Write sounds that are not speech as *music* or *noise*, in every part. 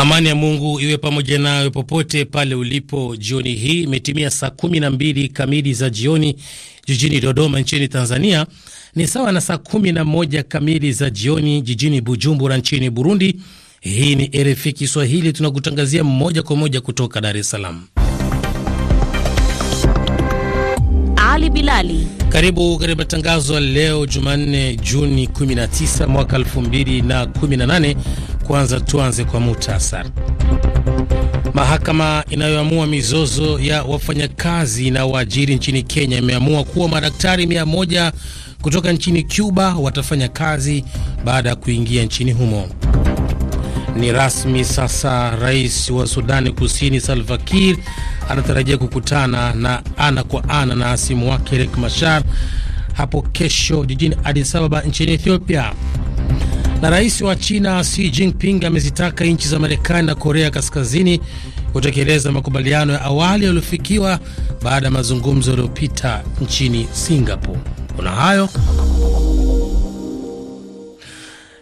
Amani ya Mungu iwe pamoja nawe popote pale ulipo. Jioni hii imetimia saa kumi na mbili kamili za jioni jijini Dodoma nchini Tanzania, ni sawa na saa kumi na moja kamili za jioni jijini Bujumbura nchini Burundi. Hii ni RFI Kiswahili, tunakutangazia moja kwa moja kutoka Dar es Salaam. Ali Bilali, karibu katika matangazo leo Jumanne, Juni 19 mwaka 2018 kwanza tuanze kwa muhtasari. Mahakama inayoamua mizozo ya wafanyakazi na waajiri nchini Kenya imeamua kuwa madaktari mia moja kutoka nchini Cuba watafanya kazi baada ya kuingia nchini humo. Ni rasmi sasa, rais wa Sudani Kusini Salva Kiir anatarajia kukutana na ana kwa ana na hasimu wake Riek Machar hapo kesho jijini Addis Ababa nchini Ethiopia. Na rais wa China Xi Jinping amezitaka nchi za Marekani na Korea Kaskazini kutekeleza makubaliano ya awali yaliyofikiwa baada ya mazungumzo yaliyopita nchini Singapore. Kuna hayo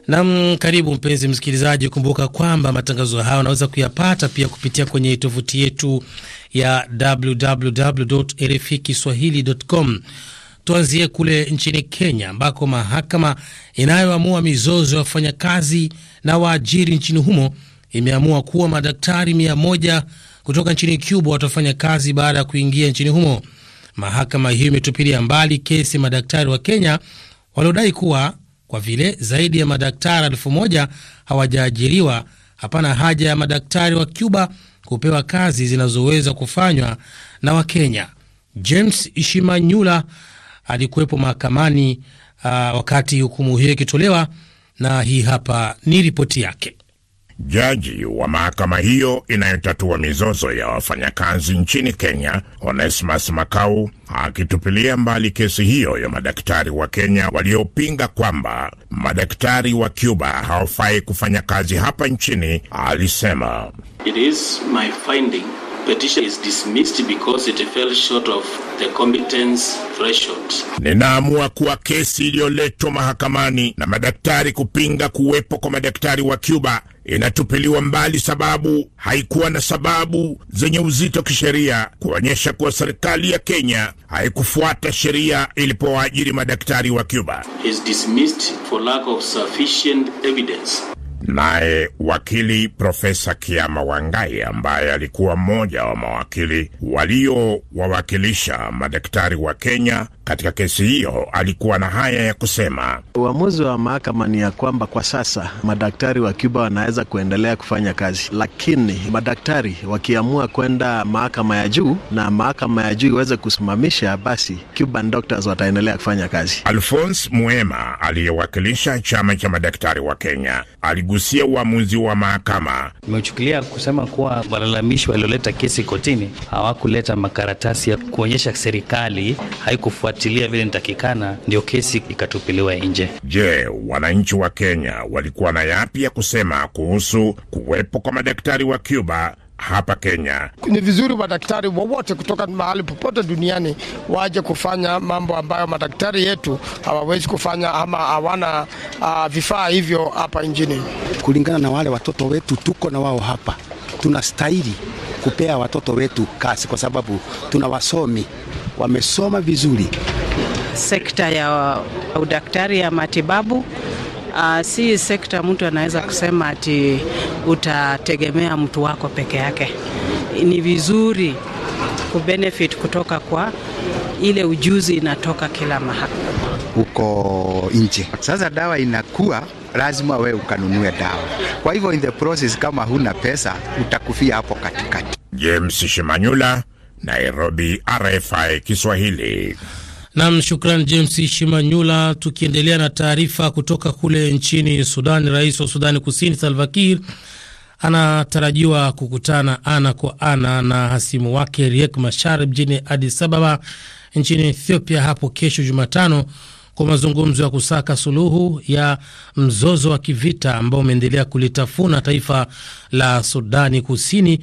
nam. Karibu mpenzi msikilizaji, kumbuka kwamba matangazo hayo unaweza kuyapata pia kupitia kwenye tovuti yetu ya www kiswahilicom Tuanzie kule nchini Kenya ambako mahakama inayoamua mizozo ya wafanyakazi na waajiri nchini humo imeamua kuwa madaktari mia moja kutoka nchini Cuba watafanya kazi baada ya kuingia nchini humo. Mahakama hiyo imetupilia mbali kesi madaktari wa Kenya waliodai kuwa kwa vile zaidi ya madaktari elfu moja hawajaajiriwa, hapana haja ya madaktari wa Cuba kupewa kazi zinazoweza kufanywa na Wakenya. James Shimanyula alikuwepo mahakamani uh, wakati hukumu hiyo ikitolewa, na hii hapa ni ripoti yake. Jaji wa mahakama hiyo inayotatua mizozo ya wafanyakazi nchini Kenya, Onesmus Makau, akitupilia mbali kesi hiyo ya madaktari wa Kenya waliopinga kwamba madaktari wa Cuba hawafai kufanya kazi hapa nchini, alisema It is my finding Ninaamua kuwa kesi iliyoletwa mahakamani na madaktari kupinga kuwepo kwa madaktari wa Cuba inatupiliwa mbali, sababu haikuwa na sababu zenye uzito kisheria kuonyesha kuwa serikali ya Kenya haikufuata sheria ilipowaajiri madaktari wa Cuba. Naye wakili Profesa Kiama Wangai ambaye alikuwa mmoja wa mawakili waliowawakilisha madaktari wa Kenya katika kesi hiyo alikuwa na haya ya kusema: uamuzi wa mahakama ni ya kwamba kwa sasa madaktari wa Cuba wanaweza kuendelea kufanya kazi, lakini madaktari wakiamua kwenda mahakama ya juu na mahakama ya juu iweze kusimamisha, basi Cuban doctors wataendelea kufanya kazi. Alphonse Muema aliyewakilisha chama cha madaktari wa Kenya aligusia uamuzi wa mahakama. Imechukulia kusema kuwa walalamishi walioleta kesi kotini hawakuleta makaratasi ya kuonyesha serikali haikufuata kufuatilia vile nitakikana, ndio kesi ikatupiliwa nje. Je, wananchi wa Kenya walikuwa na yapi ya kusema kuhusu kuwepo kwa madaktari wa Cuba hapa Kenya? Ni vizuri madaktari wowote kutoka mahali popote duniani waje kufanya mambo ambayo madaktari yetu hawawezi kufanya ama hawana uh, vifaa hivyo hapa nchini. Kulingana na wale watoto wetu tuko na wao hapa, tunastahili kupea watoto wetu kazi kwa sababu tuna wasomi wamesoma vizuri. Sekta ya udaktari ya matibabu Uh, si sekta mtu anaweza kusema ati utategemea mtu wako peke yake. Ni vizuri kubenefit kutoka kwa ile ujuzi inatoka kila mahali huko nje. Sasa dawa inakuwa lazima wewe ukanunue dawa, kwa hivyo in the process, kama huna pesa utakufia hapo katikati. James Shimanyula, Nairobi, RFI Kiswahili. Nam, shukran James Shimanyula. Tukiendelea na taarifa kutoka kule nchini sudan rais wa Sudani Kusini Salva Kiir anatarajiwa kukutana ana kwa ana na hasimu wake Riek Machar mjini Addis Ababa nchini Ethiopia hapo kesho Jumatano kwa mazungumzo ya kusaka suluhu ya mzozo wa kivita ambao umeendelea kulitafuna taifa la Sudani Kusini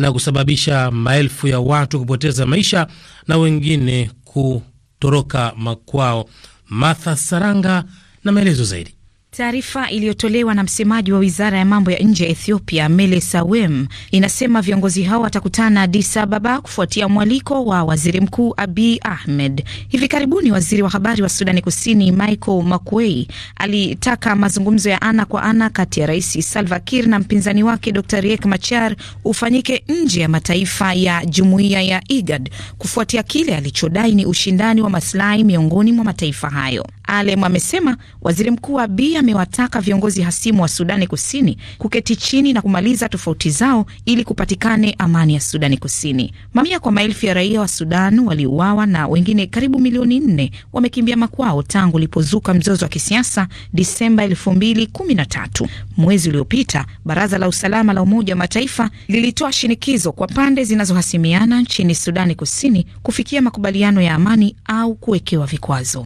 na kusababisha maelfu ya watu kupoteza maisha na wengine kutoroka makwao. Martha Saranga na maelezo zaidi. Taarifa iliyotolewa na msemaji wa wizara ya mambo ya nje ya Ethiopia, Mele Sawem, inasema viongozi hao watakutana Addis Ababa kufuatia mwaliko wa waziri mkuu Abiy Ahmed. Hivi karibuni waziri wa habari wa Sudani Kusini Michael Makuei alitaka mazungumzo ya ana kwa ana kati ya Rais Salva Kiir na mpinzani wake Dr Riek Machar ufanyike nje ya mataifa ya jumuiya ya IGAD kufuatia kile alichodai ni ushindani wa masilahi miongoni mwa mataifa hayo. Alem amesema waziri mkuu Abiy amewataka viongozi hasimu wa Sudani Kusini kuketi chini na kumaliza tofauti zao ili kupatikane amani ya Sudani Kusini. Mamia kwa maelfu ya raia wa Sudan waliuawa na wengine karibu milioni nne wamekimbia makwao tangu ulipozuka mzozo wa kisiasa Disemba 2013. Mwezi uliopita baraza la usalama la Umoja wa Mataifa lilitoa shinikizo kwa pande zinazohasimiana nchini Sudani Kusini kufikia makubaliano ya amani au kuwekewa vikwazo.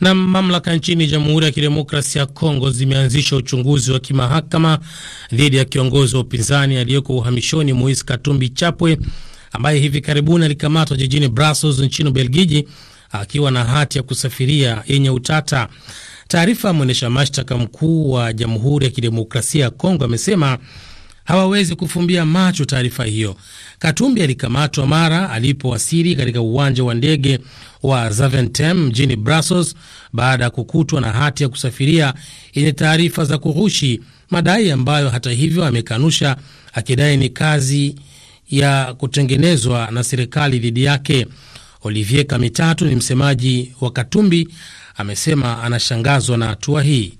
Na mamlaka nchini Jamhuri ya Kidemokrasia ya Kongo zimeanzisha uchunguzi wa kimahakama dhidi ya kiongozi wa upinzani aliyeko uhamishoni Moise Katumbi Chapwe ambaye hivi karibuni alikamatwa jijini Brussels nchini Ubelgiji akiwa na hati ya kusafiria yenye utata. Taarifa ya mwendesha mashtaka mkuu wa Jamhuri ya Kidemokrasia ya Kongo amesema hawawezi kufumbia macho taarifa hiyo. Katumbi alikamatwa mara alipowasili katika uwanja wa ndege wa Zaventem mjini Brussels baada ya kukutwa na hati ya kusafiria yenye taarifa za kughushi, madai ambayo hata hivyo amekanusha, akidai ni kazi ya kutengenezwa na serikali dhidi yake. Olivier Kamitatu ni msemaji wa Katumbi, amesema anashangazwa na hatua hii.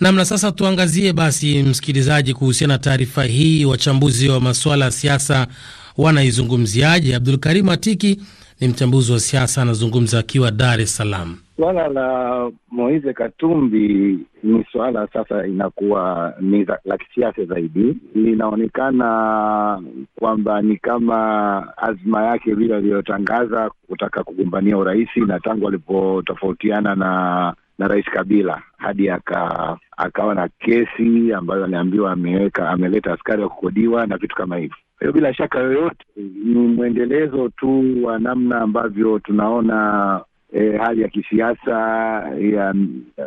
Namna sasa, tuangazie basi, msikilizaji, kuhusiana na taarifa hii, wachambuzi wa masuala ya siasa wanaizungumziaje? Abdul Karim Atiki ni mchambuzi wa siasa, anazungumza akiwa Dar es Salaam. Swala la Moise Katumbi ni swala sasa inakuwa ni la kisiasa zaidi. Linaonekana kwamba ni kama azma yake vile aliyotangaza kutaka kugombania urais, na tangu alipotofautiana na na Rais Kabila hadi aka, akawa na kesi ambayo aliambiwa ameweka ameleta askari wa kukodiwa na vitu kama hivyo. Kwa hiyo bila shaka yoyote ni mwendelezo tu wa namna ambavyo tunaona E, hali ya kisiasa ya,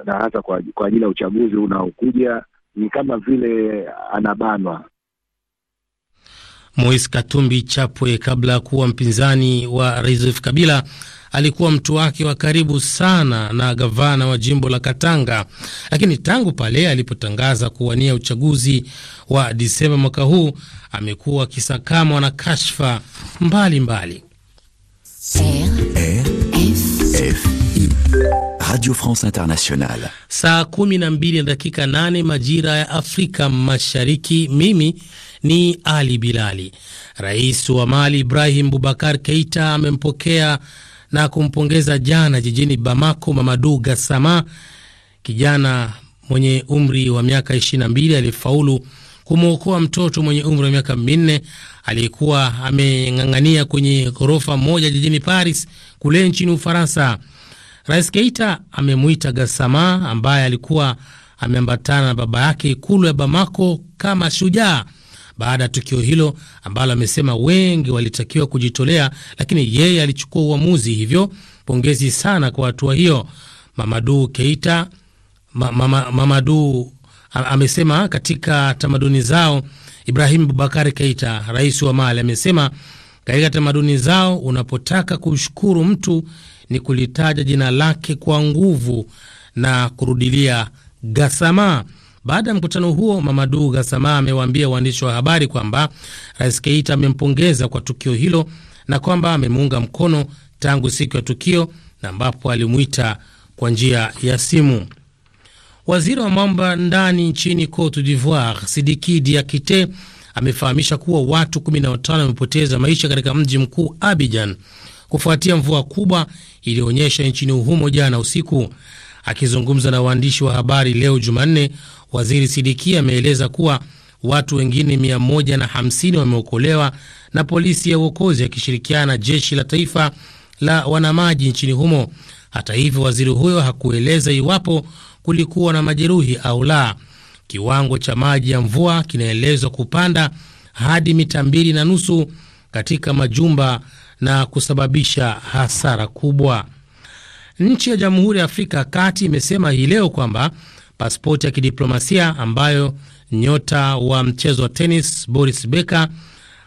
na hasa kwa, kwa ajili ya uchaguzi unaokuja ni kama vile anabanwa Moise Katumbi Chapwe, kabla ya kuwa mpinzani wa Rais Joseph Kabila, alikuwa mtu wake wa karibu sana na gavana wa jimbo la Katanga, lakini tangu pale alipotangaza kuwania uchaguzi wa Disemba mwaka huu amekuwa akisakamwa na kashfa mbalimbali. Radio France Internationale, saa 12 na dakika 8 majira ya Afrika Mashariki. Mimi ni Ali Bilali. Rais wa Mali Ibrahim Bubakar Keita amempokea na kumpongeza jana jijini Bamako Mamadu Gassama, kijana mwenye umri wa miaka 22 aliyefaulu kumwokoa mtoto mwenye umri wa miaka minne aliyekuwa ameng'ang'ania kwenye ghorofa moja jijini Paris kule nchini Ufaransa. Rais Keita amemwita Gassama ambaye alikuwa ameambatana na baba yake ikulu ya Bamako kama shujaa baada ya tukio hilo ambalo amesema wengi walitakiwa kujitolea, lakini yeye alichukua uamuzi. Hivyo pongezi sana kwa hatua hiyo. Mamadu Keita ma, ma, ma, Mamadu amesema katika tamaduni zao. Ibrahim Bubakari Keita, rais wa Mali, amesema katika tamaduni zao unapotaka kumshukuru mtu ni kulitaja jina lake kwa nguvu na kurudilia gasama. Baada ya mkutano huo, Mamadu Gassama amewaambia waandishi wa habari kwamba Rais Keita amempongeza kwa tukio hilo na kwamba amemuunga mkono tangu siku ya tukio na ambapo alimwita kwa njia ya simu. Waziri wa mambo ya ndani nchini Cote d'Ivoire Sidiki Diakite amefahamisha kuwa watu 15 wamepoteza maisha katika mji mkuu Abidjan kufuatia mvua kubwa iliyoonyesha nchini humo jana usiku. Akizungumza na waandishi wa habari leo Jumanne, Waziri sidiki ameeleza kuwa watu wengine 150 wameokolewa na polisi ya uokozi akishirikiana na jeshi la taifa la wanamaji nchini humo. Hata hivyo, waziri huyo hakueleza iwapo kulikuwa na majeruhi au la. Kiwango cha maji ya mvua kinaelezwa kupanda hadi mita mbili na nusu katika majumba na kusababisha hasara kubwa. Nchi ya Jamhuri ya Afrika ya Kati imesema hii leo kwamba pasipoti ya kidiplomasia ambayo nyota wa mchezo wa tenis Boris Becker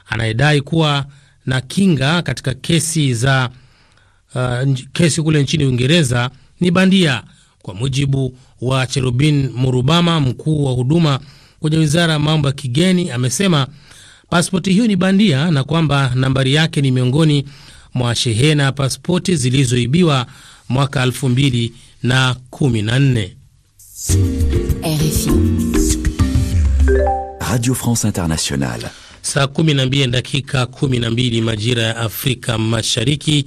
anayedai kuwa na kinga katika kesi za uh, kesi kule nchini Uingereza ni bandia, kwa mujibu wa Cherubin Murubama, mkuu wa huduma kwenye wizara ya mambo ya kigeni. Amesema pasipoti hiyo ni bandia na kwamba nambari yake ni miongoni mwa shehena ya pasipoti zilizoibiwa mwaka 2014. RFI. Radio France Internationale. Saa 12 dakika mbili majira ya Afrika Mashariki,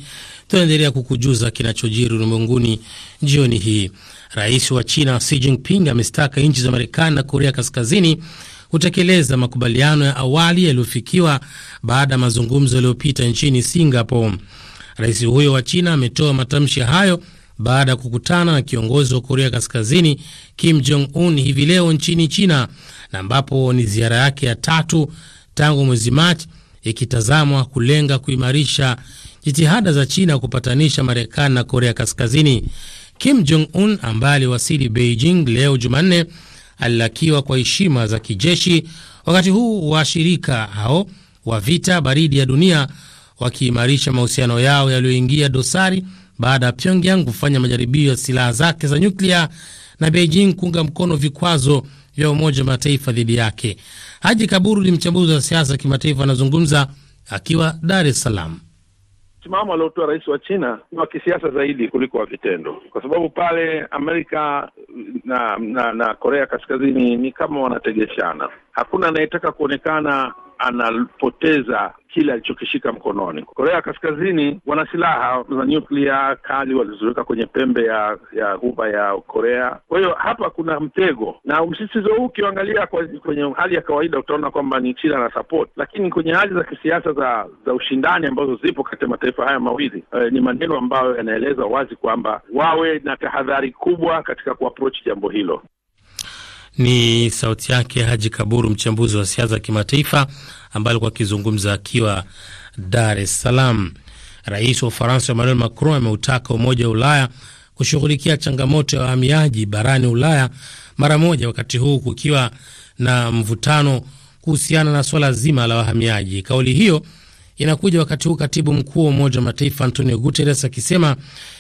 tunaendelea kukujuza kinachojiri ulimwenguni jioni hii. Rais wa China Xi Jinping amestaka nchi za Marekani na Korea Kaskazini kutekeleza makubaliano ya awali yaliyofikiwa baada ya mazungumzo yaliyopita nchini Singapore. Rais huyo wa China ametoa matamshi hayo baada ya kukutana na kiongozi wa Korea Kaskazini Kim Jong Un hivi leo nchini China, na ambapo ni ziara yake ya tatu tangu mwezi Machi, ikitazamwa kulenga kuimarisha jitihada za China kupatanisha Marekani na Korea Kaskazini. Kim Jong Un ambaye aliwasili Beijing leo Jumanne alilakiwa kwa heshima za kijeshi, wakati huu washirika hao wa vita baridi ya dunia wakiimarisha mahusiano yao yaliyoingia dosari baada ya Pyongyang kufanya majaribio ya silaha zake za nyuklia na Beijing kuunga mkono vikwazo vya Umoja wa Mataifa dhidi yake. Haji Kaburu ni mchambuzi wa siasa ya kimataifa, anazungumza akiwa Dar es Salaam. Msimamo aliotoa rais wa China ni wa kisiasa zaidi kuliko wa vitendo, kwa sababu pale Amerika na na, na Korea Kaskazini ni kama wanategeshana. Hakuna anayetaka kuonekana anapoteza kile alichokishika mkononi. Korea Kaskazini wana silaha za nyuklia kali walizoweka kwenye pembe ya ya ghuba ya Korea. Kwa hiyo hapa kuna mtego, na msisitizo huu ukiangalia kwenye hali ya kawaida utaona kwamba ni China na support, lakini kwenye hali za kisiasa za za ushindani ambazo zipo kati ya mataifa haya mawili eh, ni maneno ambayo yanaeleza wazi kwamba wawe na tahadhari kubwa katika kuapproach jambo hilo. Ni sauti yake Haji Kaburu, mchambuzi wa siasa za kimataifa ambaye alikuwa akizungumza akiwa Dar es Salaam. Rais wa Ufaransa Emmanuel Macron ameutaka Umoja wa Ulaya kushughulikia changamoto ya wahamiaji barani Ulaya mara moja, wakati huu kukiwa na mvutano kuhusiana na swala zima la wahamiaji. Kauli hiyo inakuja wakati huu katibu mkuu wa Umoja wa Mataifa Antonio Guterres akisema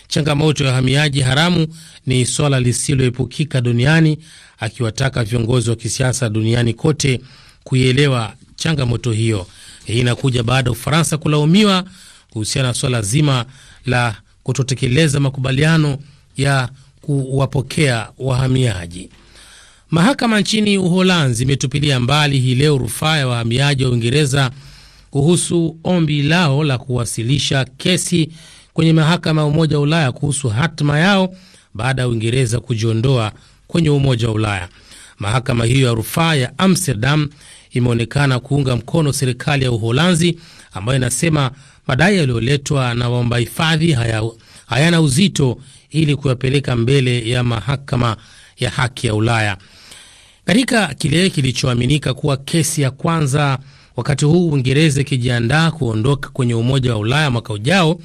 changamoto ya uhamiaji haramu ni swala lisiloepukika duniani, akiwataka viongozi wa kisiasa duniani kote kuielewa changamoto hiyo. Hii inakuja baada ya Ufaransa kulaumiwa kuhusiana na swala zima la kutotekeleza makubaliano ya kuwapokea wahamiaji. Mahakama nchini Uholanzi imetupilia mbali hii leo rufaa ya wahamiaji wa Uingereza kuhusu ombi lao la kuwasilisha kesi kwenye mahakama ya Umoja wa Ulaya kuhusu hatima yao baada ya Uingereza kujiondoa kwenye Umoja wa Ulaya. Mahakama hiyo ya rufaa ya Amsterdam imeonekana kuunga mkono serikali ya Uholanzi ambayo inasema madai yaliyoletwa na waomba hifadhi hayana uzito ili kuyapeleka mbele ya mahakama ya haki ya Ulaya katika kile kilichoaminika kuwa kesi ya kwanza Wakati huu Uingereza ikijiandaa kuondoka kwenye Umoja wa Ulaya mwaka ujao,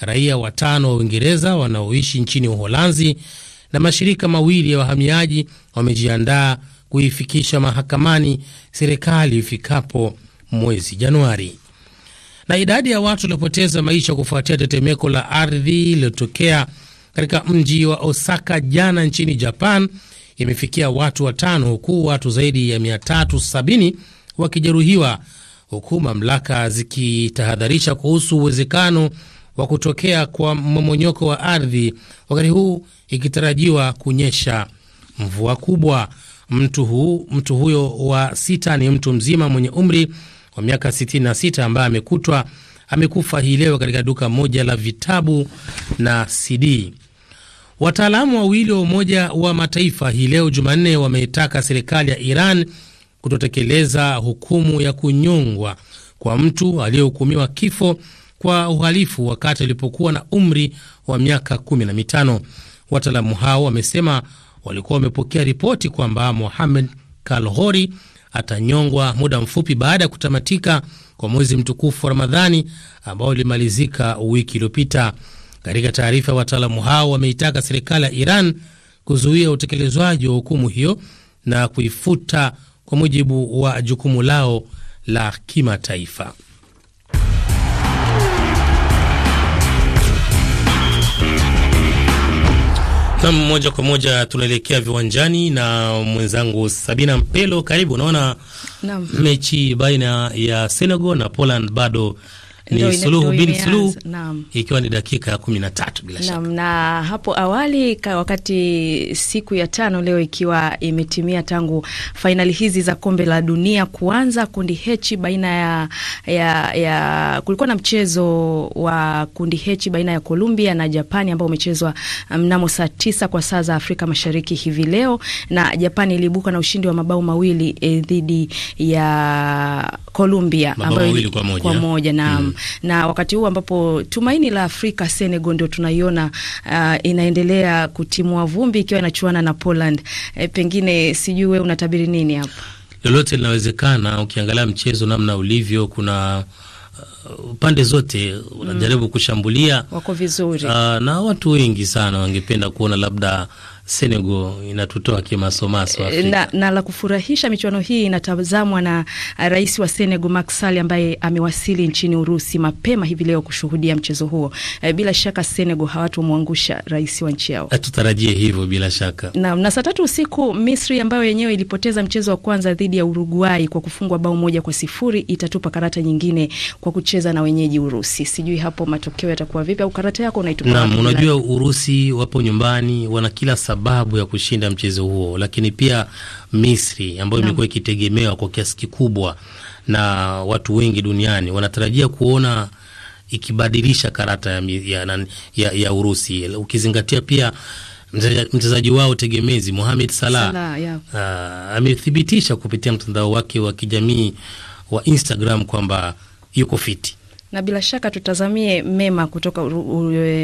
raia watano wa Uingereza wanaoishi nchini Uholanzi na mashirika mawili ya wahamiaji wamejiandaa kuifikisha mahakamani serikali ifikapo mwezi Januari. Na idadi ya watu waliopoteza maisha kufuatia tetemeko la ardhi iliyotokea katika mji wa Osaka jana nchini Japan imefikia watu watano, huku watu zaidi ya 370 wakijeruhiwa, huku mamlaka zikitahadharisha kuhusu uwezekano wa kutokea kwa mmomonyoko wa ardhi, wakati huu ikitarajiwa kunyesha mvua kubwa. Mtu, huu, mtu huyo wa sita ni mtu mzima mwenye umri wa miaka 66 ambaye amekutwa amekufa hii leo katika duka moja la vitabu na CD. Wataalamu wawili wa Umoja wa Mataifa hii leo Jumanne wameitaka serikali ya Iran kutotekeleza hukumu ya kunyongwa kwa mtu aliyehukumiwa kifo kwa uhalifu wakati alipokuwa na umri wa miaka kumi na mitano. Wataalamu hao wamesema walikuwa wamepokea ripoti kwamba Mohamed Kalhori atanyongwa muda mfupi baada ya kutamatika kwa mwezi mtukufu wa Ramadhani ambao ulimalizika wiki iliyopita. Katika taarifa, wataalamu hao wameitaka serikali ya Iran kuzuia utekelezwaji wa hukumu hiyo na kuifuta kwa mujibu wa jukumu lao la kimataifa. Nam, moja kwa moja tunaelekea viwanjani na mwenzangu Sabina Mpelo. Karibu. Unaona mechi baina ya Senegal na Poland bado ni Suluhu bin Suluhu, ikiwa ni dakika ya kumi na tatu bila shaka. Na hapo awali ka wakati siku ya tano leo ikiwa imetimia tangu fainali hizi za kombe la dunia kuanza, kundi H baina ya, ya, ya kulikuwa na mchezo wa kundi H baina ya Colombia na Japani ambao umechezwa um, mnamo saa tisa kwa saa za Afrika Mashariki hivi leo, na Japani iliibuka na ushindi wa mabao mawili eh, dhidi ya Colombia ambayo kwa moja, kwa moja na mm na wakati huu ambapo tumaini la Afrika Senegal ndio tunaiona uh, inaendelea kutimua vumbi ikiwa inachuana na Poland. E, pengine sijui wewe unatabiri nini hapa? Lolote linawezekana, ukiangalia mchezo namna ulivyo, kuna uh, pande zote unajaribu mm, kushambulia, wako vizuri uh, na watu wengi sana wangependa kuona labda Senegal inatutoa kimasomaso eh, na, na la kufurahisha, michuano hii inatazamwa na eh, rais wa Senegal Macky Sall ambaye amewasili nchini Urusi mapema hivi leo kushuhudia mchezo huo. Eh, bila shaka Senegal hawatomwangusha rais wa nchi yao, tutarajie hivyo bila shaka. Na, na saa tatu usiku Misri ambayo yenyewe ilipoteza mchezo wa kwanza dhidi ya Uruguay kwa kufungwa bao moja kwa sifuri itatupa karata nyingine kwa kucheza na wenyeji Urusi. Sijui hapo matokeo yatakuwa vipi au karata yako unaitumia. Naam, unajua Urusi wapo nyumbani, wana kila saa sababu ya kushinda mchezo huo, lakini pia Misri ambayo imekuwa ikitegemewa kwa kiasi kikubwa na watu wengi duniani wanatarajia kuona ikibadilisha karata ya, ya, ya, ya Urusi, ukizingatia pia mchezaji wao tegemezi Mohamed Salah, yeah. Uh, amethibitisha kupitia mtandao wake wa kijamii wa Instagram kwamba yuko fiti na bila shaka tutazamie mema kutoka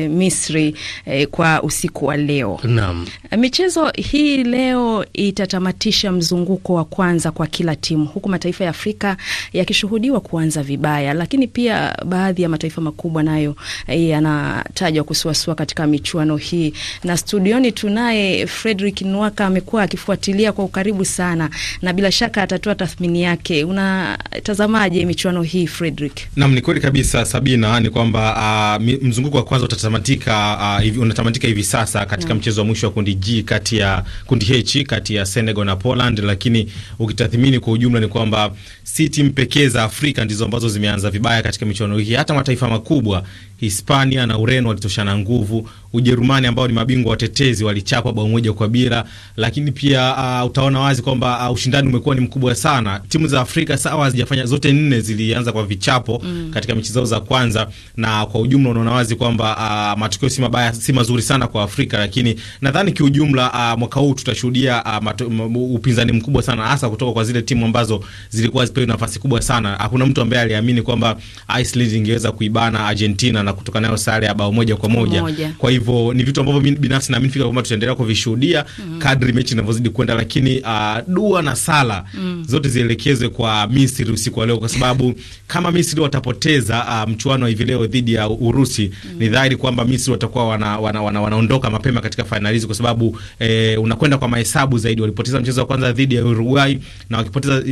Misri e, kwa usiku wa leo. Naam. Michezo hii leo itatamatisha mzunguko wa kwanza kwa kila timu, huku mataifa ya Afrika yakishuhudiwa kuanza vibaya, lakini pia baadhi ya mataifa makubwa nayo eh, yanatajwa kusuasua katika michuano hii. Na studioni tunaye Frederick Nwaka, amekuwa akifuatilia kwa ukaribu sana na bila shaka atatoa tathmini yake. Unatazamaje michuano hii Frederick? Naam, ni kweli kabisa kabisa Sabina ni kwamba uh, mzunguko wa kwanza utatamatika uh, hivi, unatamatika hivi sasa katika yeah. mchezo wa mwisho wa kundi G kati ya kundi H kati ya Senegal na Poland, lakini ukitathmini kwa ujumla ni kwamba si timu pekee za Afrika ndizo ambazo zimeanza vibaya katika michuano hii. Hata mataifa makubwa Hispania na Ureno walitoshana nguvu. Ujerumani ambao ni mabingwa watetezi walichapwa bao moja kwa bila, lakini pia uh, utaona wazi kwamba uh, ushindani umekuwa ni mkubwa sana. Timu za Afrika sawa hazijafanya zote nne zilianza kwa vichapo mm. katika mechi zao za kwanza, na kwa ujumla unaona wazi kwamba uh, matokeo si mabaya, si mazuri sana kwa Afrika, lakini nadhani kiujumla uh, mwaka huu tutashuhudia uh, upinzani mkubwa sana hasa kutoka kwa zile timu ambazo zilikuwa zipewe nafasi kubwa sana. Hakuna mtu ambaye aliamini kwamba Iceland ingeweza kuibana Argentina na kutoka nayo sare ya bao moja kwa moja. moja. Kwa hivyo ni vitu ambavyo mimi binafsi naamini fika kwamba tutaendelea kuvishuhudia mm. kadri mechi inavyozidi kwenda, lakini uh, dua na sala mm. zote zielekezwe kwa Misri usiku wa leo, kwa sababu *laughs* kama Misri watapoteza uh, mchuano hivi leo dhidi ya Urusi mm. ni dhahiri kwamba Misri watakuwa wana, wana, wana, wanaondoka mapema katika fainali hizi, kwa sababu eh, unakwenda kwa mahesabu zaidi. Walipoteza mchezo wa kwanza dhidi ya Uruguay na wakipoteza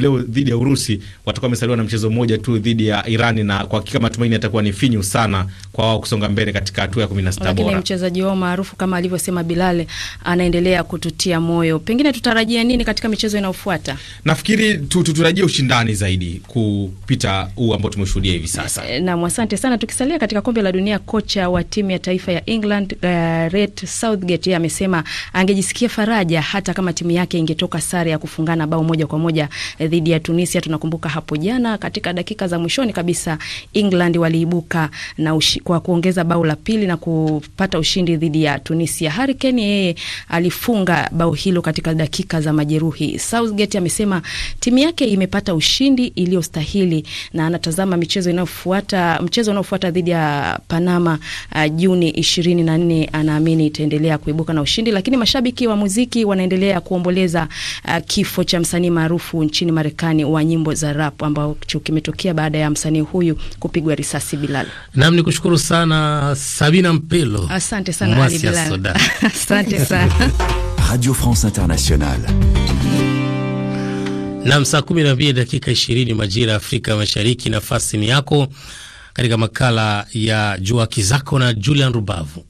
leo dhidi ya Urusi watakuwa wamesaliwa na mchezo mmoja tu dhidi ya Irani, na kwa hakika matumaini yatakuwa ni finyu sana sana kwa wao kusonga mbele katika hatua ya 16 bora. Lakini Mchezaji wao maarufu kama alivyosema Bilal anaendelea kututia moyo. Pengine tutarajia nini katika michezo inayofuata? Nafikiri tutarajia ushindani zaidi kupita huu ambao tumeshuhudia hivi sasa. Eh, na asante sana. Tukisalia katika kombe la dunia, kocha wa timu ya taifa ya England Gareth eh, Southgate yeye amesema angejisikia faraja hata kama timu yake ingetoka sare ya kufungana bao moja kwa moja eh, dhidi ya Tunisia. Tunakumbuka hapo jana katika dakika za mwishoni kabisa England waliibuka na ushi, kwa kuongeza bao la pili na kupata ushindi dhidi ya Tunisia. Harry Kane yeye alifunga bao hilo katika dakika za majeruhi. Southgate amesema timu yake imepata ushindi iliyostahili na anatazama michezo inayofuata, mchezo unaofuata dhidi ya Panama uh, Juni 24 anaamini itaendelea kuibuka na ushindi, lakini mashabiki wa muziki wanaendelea kuomboleza uh, kifo cha msanii maarufu nchini Marekani wa nyimbo za rap ambao kimetokea baada ya msanii huyu kupigwa risasi Bilal. Nam ni kushukuru sana Sabina Mpelo, asante sana Ali Bilal, *laughs* asante sana Radio France Internationale. Nam, saa kumi na mbili dakika ishirini majira ya Afrika Mashariki. Nafasi ni yako katika makala ya Jua Haki Zako na Julian Rubavu.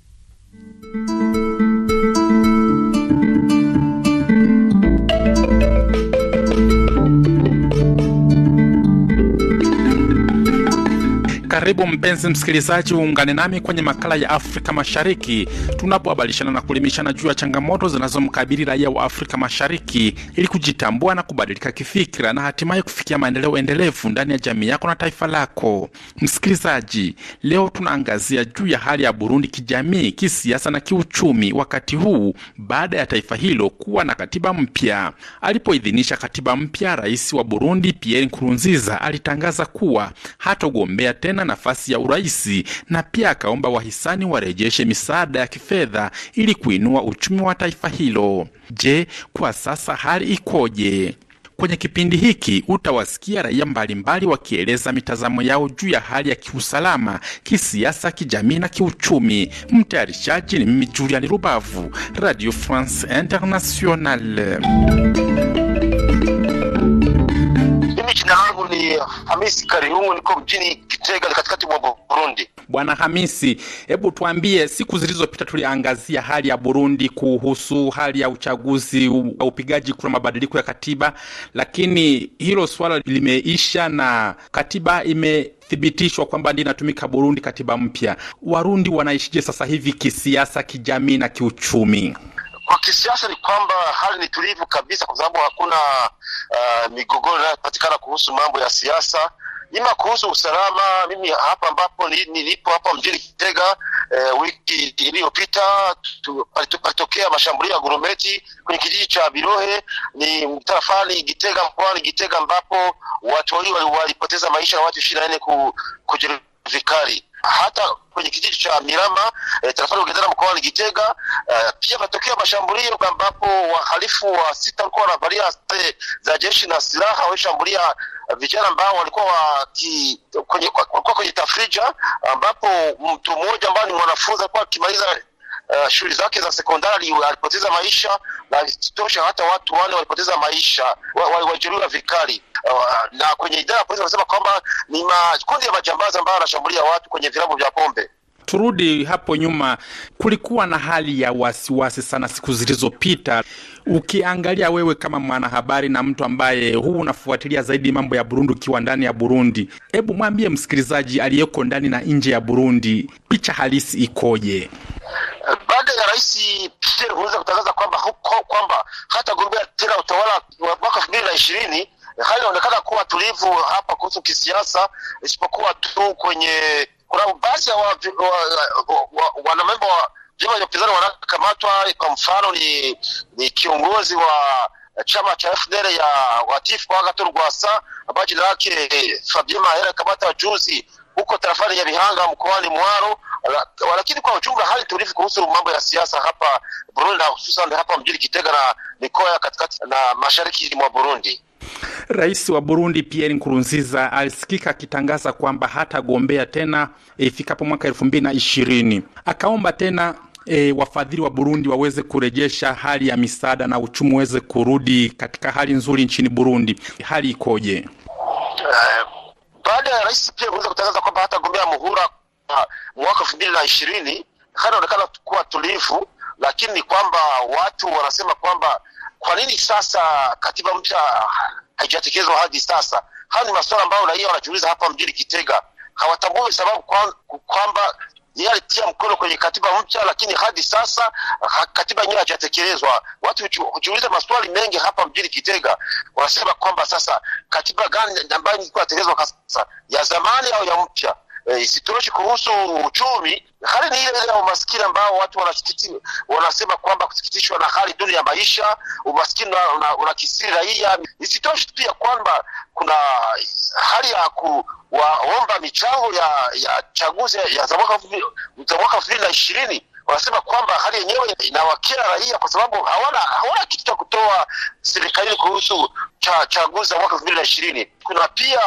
Karibu mpenzi msikilizaji, uungane nami kwenye makala ya Afrika Mashariki tunapohabarishana na kuelimishana juu ya changamoto zinazomkabili raia wa Afrika Mashariki ili kujitambua na kubadilika kifikira na hatimaye kufikia maendeleo endelevu ndani ya jamii yako na taifa lako. Msikilizaji, leo tunaangazia juu ya hali ya Burundi kijamii, kisiasa na kiuchumi, wakati huu baada ya taifa hilo kuwa na katiba mpya. Alipoidhinisha katiba mpya, rais wa Burundi Pierre Nkurunziza alitangaza kuwa hatogombea tena kuwania nafasi ya urais na pia akaomba wahisani warejeshe misaada ya kifedha ili kuinua uchumi wa taifa hilo. Je, kwa sasa hali ikoje? Kwenye kipindi hiki utawasikia raia mbalimbali wakieleza mitazamo yao juu ya hali ya kiusalama, kisiasa, kijamii na kiuchumi. Mtayarishaji ni mimi Julian Rubavu, Radio France Internationale ni Hamisi Kariungu, niko mjini Kitega, katikati mwa Burundi. Bwana Hamisi, hebu tuambie, siku zilizopita tuliangazia hali ya Burundi kuhusu hali ya uchaguzi wa upigaji kura, mabadiliko ya katiba, lakini hilo swala limeisha na katiba ime thibitishwa kwamba ndiyo inatumika Burundi, katiba mpya. Warundi wanaishije sasa hivi kisiasa, kijamii na kiuchumi? Kwa kisiasa ni kwamba hali ni tulivu kabisa, kwa sababu hakuna uh, migogoro inayopatikana kuhusu mambo ya siasa ima kuhusu usalama. Mimi hapa ambapo nilipo hapa mjini Kitega, eh, wiki iliyopita palitokea mashambulio ya gurumeti kwenye kijiji cha Birohe ni mtarafani Gitega mkoani Gitega ambapo watu wawili walipoteza maisha na watu ishirini na nne kujeruhi vikali hata kwenye kijiji cha Mirama e, tarafani Ugendana mkoani Gitega. e, pia matokeo ya mashambulio ambapo wahalifu wa sita walikuwa wanavalia sare za jeshi na silaha walishambulia vijana ambao walikuwa kwenye, kwenye tafrija ambapo mtu mmoja ambaye ni mwanafunzi alikuwa akimaliza uh, eh, shule zake za sekondari alipoteza maisha, na isitosha hata watu wane walipoteza maisha, walijeruhiwa vikali. Uh, na kwenye idara ya polisi wanasema kwamba ni makundi ya majambazi ambayo wanashambulia watu kwenye vilabu vya pombe. Turudi hapo nyuma, kulikuwa na hali ya wasiwasi wasi sana siku zilizopita. Ukiangalia wewe kama mwanahabari na mtu ambaye huu unafuatilia zaidi mambo ya Burundi ukiwa ndani ya Burundi, hebu mwambie msikilizaji aliyeko ndani na nje ya Burundi, picha halisi ikoje? Baada ya Rais Pierre Nkurunziza kutangaza kwamba huko kwamba hata gombea tena utawala wa mwaka 2020 hali inaonekana kuwa tulivu hapa kuhusu kisiasa, isipokuwa tu kwenye kuna baadhi ya wanamemba wa, wa, wa, wa, wa, vyama vya upinzani wanakamatwa. Kwa mfano ni, ni kiongozi wa chama cha FDL ya Watifu wa Agathon Rwasa ambaye jina lake Fabien Mahera kamata juzi huko tarafani ya Bihanga mkoani Mwaro lakini kwa ujumla hali tulivu kuhusu mambo ya siasa hapa Burundi na hususan hapa mjini Kitega na mikoa katikati na mashariki mwa Burundi. Rais wa Burundi Pierre Nkurunziza alisikika akitangaza kwamba hatagombea tena ifikapo mwaka elfu mbili na ishirini. Akaomba tena e, wafadhili wa Burundi waweze kurejesha hali ya misaada na uchumi uweze kurudi katika hali nzuri nchini Burundi. Hali ikoje? Uh, baada ya rais Pierre kutangaza kwamba hatagombea muhura mwaka elfu mbili na ishirini hali inaonekana kuwa tulivu, lakini ni kwamba watu wanasema kwamba kwa nini sasa katiba mpya haijatekelezwa hadi sasa? Haya ni maswala ambayo raia wanajiuliza hapa mjini Kitega. Hawatambui sababu kwamba ni alitia mkono kwenye katiba mpya, lakini hadi sasa ha, katiba yenyewe haijatekelezwa. Watu hujiuliza maswali mengi hapa mjini Kitega, wanasema kwamba sasa katiba gani ambayo ilikuwa inatekelezwa sasa, ya zamani au ya mpya? Eh, isitoshi kuhusu uchumi. Hali ni ile ile ya umaskini ambao watu wanasikitini, wanasema kwamba kusikitishwa na hali duni ya maisha, umaskini unakisiri raia. isitoshi tu ya kwamba kuna hali ya kuwaomba michango ya ya chaguzi ya za mwaka elfu mbili na ishirini wanasema kwamba hali yenyewe inawakera raia kwa sababu hawana hawana kitu cha kutoa serikalini kuhusu cha chaguzi za mwaka elfu mbili na ishirini. Kuna pia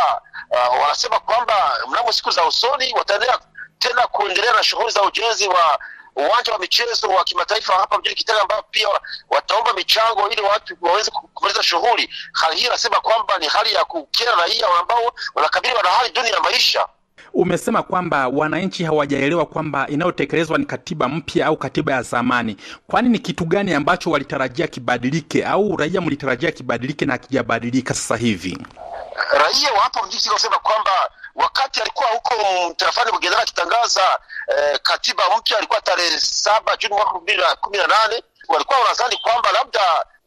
uh, wanasema kwamba mnamo siku za usoni wataendelea tena kuendelea na shughuli za ujenzi wa uwanja wa michezo wa kimataifa hapa mjini kitega ambao pia wataomba michango ili watu waweze kumaliza shughuli. Hali hii anasema kwamba ni hali ya kukera raia ambao wanakabiliwa na hali duni ya maisha umesema kwamba wananchi hawajaelewa kwamba inayotekelezwa ni katiba mpya au katiba ya zamani. Kwani ni kitu gani ambacho walitarajia kibadilike au raia mlitarajia kibadilike na hakijabadilika sasa hivi? Raia wapo mjini kusema kwamba wakati alikuwa huko mtarafani Bugendana akitangaza eh, katiba mpya, alikuwa tarehe saba Juni mwaka elfu mbili na kumi na nane walikuwa wanadhani kwamba labda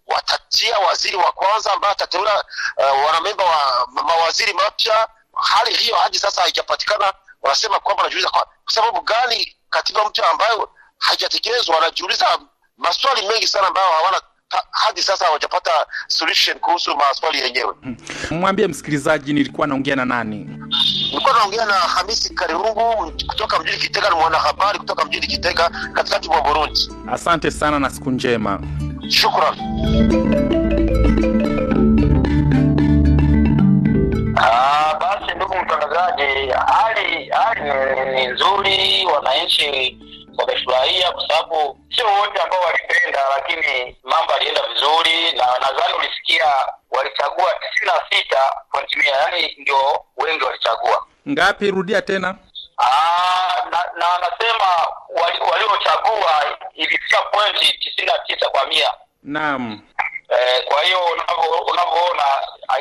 watatia waziri wa kwanza ambaye atateula uh, wanamemba wa mawaziri mapya hali hiyo hadi sasa haijapatikana. Wanasema kwamba wanajiuliza kwa kwa sababu gani katiba mpya ambayo haijatekelezwa. Wanajiuliza maswali mengi sana ambayo hawana hadi sasa hawajapata solution kuhusu maswali yenyewe. Hmm. Mwambie msikilizaji, nilikuwa naongea na nani? Nilikuwa naongea na Hamisi karirungu kutoka mjini Kitega, ni mwanahabari kutoka mjini Kitega katikati mwa Burundi. Asante sana na siku njema. Shukrani. hali hali ni nzuri, wananchi wamefurahia kwa sababu sio wote ambao walipenda, lakini mambo alienda vizuri, na nadhani ulisikia walichagua tisini na sita pointi mia, yaani ndio wengi walichagua ngapi? Rudia tena. Aa, ah, na, na waliochagua wali ilifikia pointi tisini na tisa kwa mia. Naam. Eh, kwa hiyo unavyoona,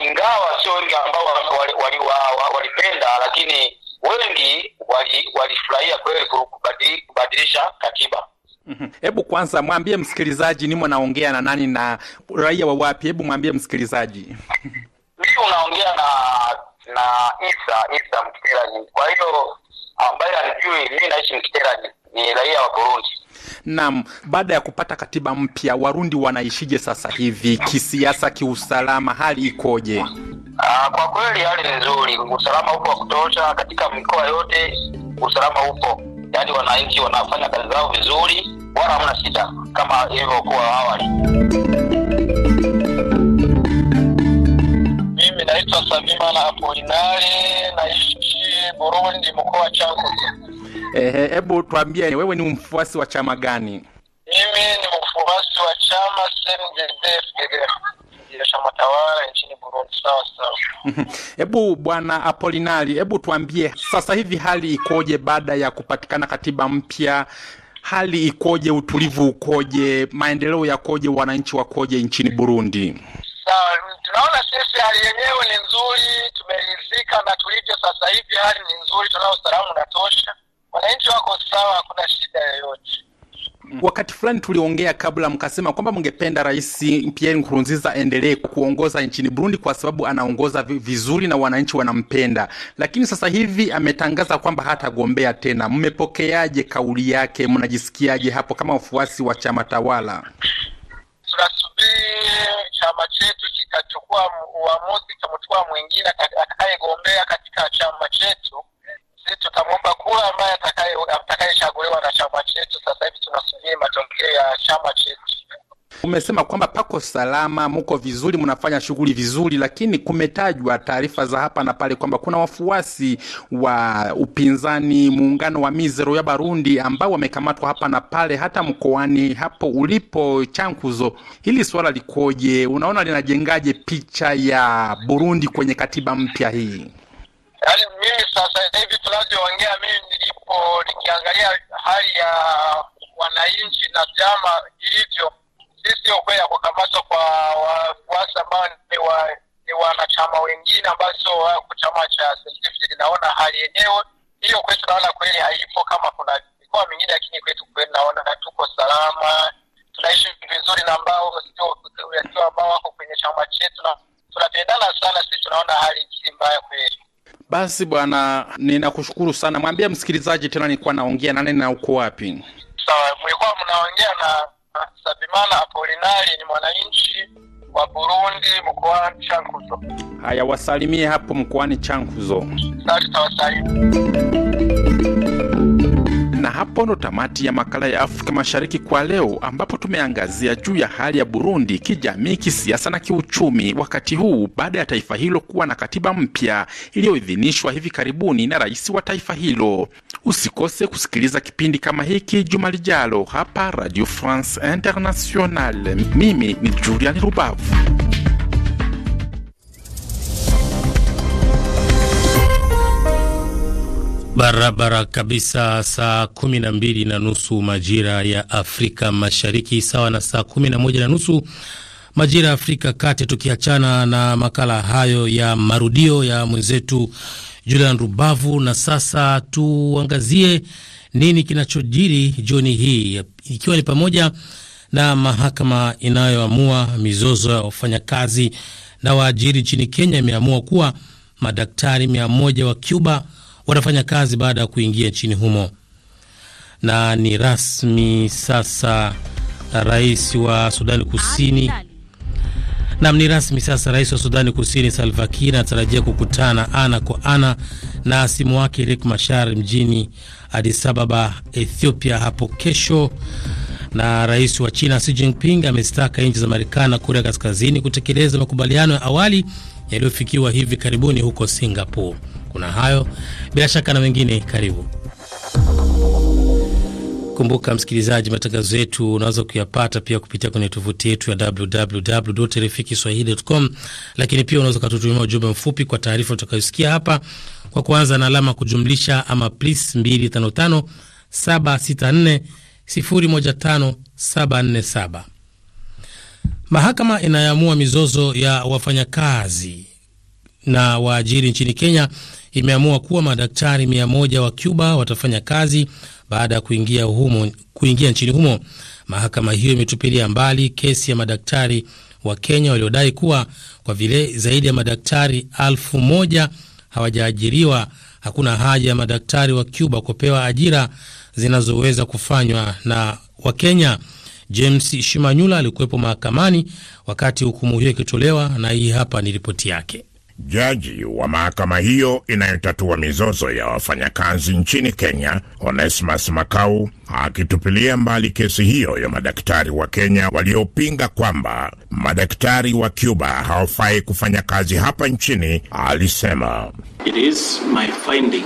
ingawa sio wengi ambao walipenda wali, wali, lakini wengi walifurahia wali kweli kubadili, kubadilisha katiba. Mhm. Hebu kwanza mwambie msikilizaji nimo naongea na nani na raia wa wapi? Hebu mwambie msikilizaji. *laughs* Mimi unaongea na na Isa Isa Mkiterani. Kwa hiyo ambaye anijui, mimi naishi Mkiterani, ni raia wa Burundi. Naam, baada ya kupata katiba mpya, Warundi wanaishije sasa hivi kisiasa, kiusalama, hali ikoje? Aa, ah, kwa kweli hali ni nzuri, usalama upo wa kutosha katika mikoa yote, usalama upo, yaani wananchi wanafanya kazi zao vizuri, wala hamna shida kama ilivyokuwa awali. Mimi naitwa na Apolinari, naishi Burundi, mkoa changu Ehe, hebu tuambie wewe ni mfuasi wa chama gani? Mimi ni mfuasi wa chama cndd chama tawala nchini Burundi. Sawa sawa. *laughs* Hebu bwana Apolinari, hebu tuambie sasa hivi hali ikoje baada ya kupatikana katiba mpya? Hali ikoje? Utulivu ukoje? Maendeleo yakoje? Wananchi wakoje nchini Burundi? Sawa, tunaona sisi hali yenyewe ni nzuri, tumeridhika na tulivyo sasa hivi. Hali ni nzuri, tunao salamu na tosha wananchi wako sawa, hakuna shida yoyote. Mm. Wakati fulani tuliongea kabla, mkasema kwamba mngependa Rais Pierre Nkurunziza endelee kuongoza nchini Burundi kwa sababu anaongoza vizuri na wananchi wanampenda, lakini sasa hivi ametangaza kwamba hatagombea tena. Mmepokeaje kauli yake? Mnajisikiaje hapo kama wafuasi wa chama tawala? Tunasubiri chama chetu kitachukua uamuzi, kitamchukua mwingine atakayegombea katika chama chetu sisi tutamwomba kura ambaye atakayechaguliwa na chama chetu. Sasa hivi tunasubiri matokeo ya chama chetu. Umesema kwamba pako salama, muko vizuri, mnafanya shughuli vizuri, lakini kumetajwa taarifa za hapa na pale kwamba kuna wafuasi wa upinzani muungano wa Mizero ya Barundi ambao wamekamatwa hapa na pale, hata mkoani hapo ulipo Chankuzo. Hili swala likoje? Unaona linajengaje picha ya Burundi kwenye katiba mpya hii? yaani mimi sasa hivi tunavyoongea, mimi nilipo nikiangalia hali ya wananchi na vyama ilivyo, sisi ukweli ya kukamatwa kwa wafuasi ambao ni wa ni wanachama wengine ambao wako chama cha CCF, naona hali yenyewe hiyo kwetu, naona kweli haipo kama kuna mikoa mingine, lakini kwetu kweli naona tuko salama, tunaishi vizuri na ambao sio ambao wako kwenye chama chetu, na tunapendana sana sisi, tunaona hali si mbaya kweli. Basi bwana, ninakushukuru sana. Mwambie msikilizaji tena nilikuwa naongea na nani na uko wapi? Sawa, mlikuwa mnaongea na Sabimana Apolinari, ni mwananchi wa Burundi, mkoani Chankuzo. Haya, wasalimie hapo mkoani Chankuzo. Sawa, tawasalimia hapo ndo tamati ya makala ya Afrika Mashariki kwa leo, ambapo tumeangazia juu ya hali ya Burundi kijamii, kisiasa na kiuchumi wakati huu baada ya taifa hilo kuwa na katiba mpya iliyoidhinishwa hivi karibuni na rais wa taifa hilo. Usikose kusikiliza kipindi kama hiki juma lijalo hapa Radio France Internationale. Mimi ni Julian Rubavu. Barabara kabisa, saa kumi na mbili na nusu majira ya Afrika Mashariki, sawa na saa kumi na moja na nusu majira ya Afrika Kati. Tukiachana na makala hayo ya marudio ya mwenzetu Julian Rubavu, na sasa tuangazie nini kinachojiri jioni hii, ikiwa ni pamoja na mahakama inayoamua mizozo ya wafanyakazi na waajiri nchini Kenya imeamua kuwa madaktari mia moja wa Cuba wanafanya kazi baada ya kuingia nchini humo. Na ni rasmi sasa uh, rais wa Sudani Kusini Nam, ni rasmi sasa. Rais wa Sudani Kusini Salva Kiir anatarajia kukutana ana kwa ana na simu wake Riek Machar mjini Addis Ababa, Ethiopia hapo kesho. Na rais wa China Xi Jinping amezitaka nchi za Marekani na Korea Kaskazini kutekeleza makubaliano ya awali yaliyofikiwa hivi karibuni huko Singapore kuna hayo bila shaka na mengine. Karibu. Kumbuka msikilizaji, matangazo yetu unaweza kuyapata pia kupitia kwenye tovuti yetu ya www.rfikiswahili.com, lakini pia unaweza ukatutumia ujumbe mfupi kwa taarifa utakayosikia hapa kwa kuanza na alama kujumlisha ama plus 255 Mahakama inayoamua mizozo ya wafanyakazi na waajiri nchini Kenya imeamua kuwa madaktari mia moja wa Cuba watafanya kazi baada ya kuingia humo, kuingia nchini humo. Mahakama hiyo imetupilia mbali kesi ya madaktari wa Kenya waliodai kuwa kwa vile zaidi ya madaktari alfu moja hawajaajiriwa hakuna haja ya madaktari wa Cuba kupewa ajira zinazoweza kufanywa na Wakenya. James Shimanyula alikuwepo mahakamani wakati hukumu hiyo ikitolewa, na hii hapa ni ripoti yake. Jaji wa mahakama hiyo inayotatua mizozo ya wafanyakazi nchini Kenya, Onesmus Makau, akitupilia mbali kesi hiyo ya madaktari wa Kenya waliopinga kwamba madaktari wa Cuba hawafai kufanya kazi hapa nchini, alisema It is my finding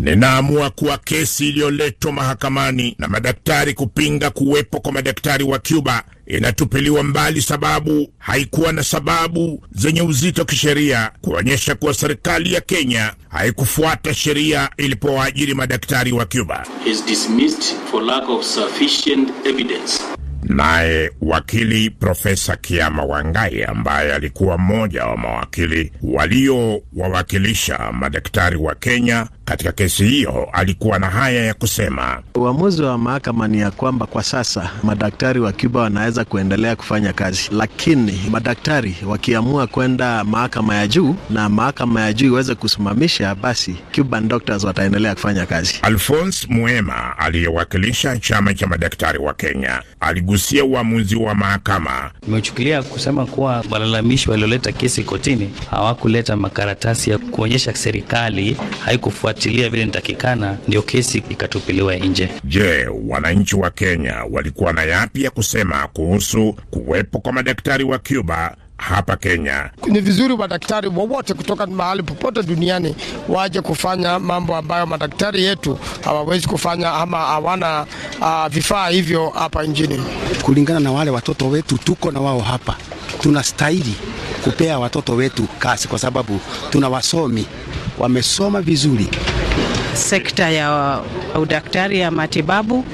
Ninaamua kuwa kesi iliyoletwa mahakamani na madaktari kupinga kuwepo kwa madaktari wa Cuba inatupiliwa mbali, sababu haikuwa na sababu zenye uzito kisheria kuonyesha kuwa serikali ya Kenya haikufuata sheria ilipowaajiri madaktari wa Cuba. Naye wakili Profesa Kiama Wangai ambaye alikuwa mmoja wa mawakili waliowawakilisha madaktari wa Kenya katika kesi hiyo alikuwa na haya ya kusema. Uamuzi wa mahakama ni ya kwamba kwa sasa madaktari wa Cuba wanaweza kuendelea kufanya kazi, lakini madaktari wakiamua kwenda mahakama ya juu na mahakama ya juu iweze kusimamisha, basi Cuban doctors wataendelea kufanya kazi. Alphonse Muema aliyewakilisha chama cha madaktari wa Kenya aligu amegusia uamuzi wa mahakama. Imechukulia kusema kuwa walalamishi walioleta kesi kotini hawakuleta makaratasi ya kuonyesha serikali haikufuatilia vile nitakikana, ndio kesi ikatupiliwa nje. Je, wananchi wa Kenya walikuwa na yapi ya kusema kuhusu kuwepo kwa madaktari wa Cuba hapa Kenya. Ni vizuri madaktari wowote kutoka mahali popote duniani waje kufanya mambo ambayo madaktari yetu hawawezi kufanya ama hawana uh, vifaa hivyo hapa nchini. Kulingana na wale watoto wetu tuko na wao hapa, tunastahili kupea watoto wetu kazi kwa sababu tuna wasomi wamesoma vizuri. Sekta ya uh, udaktari ya matibabu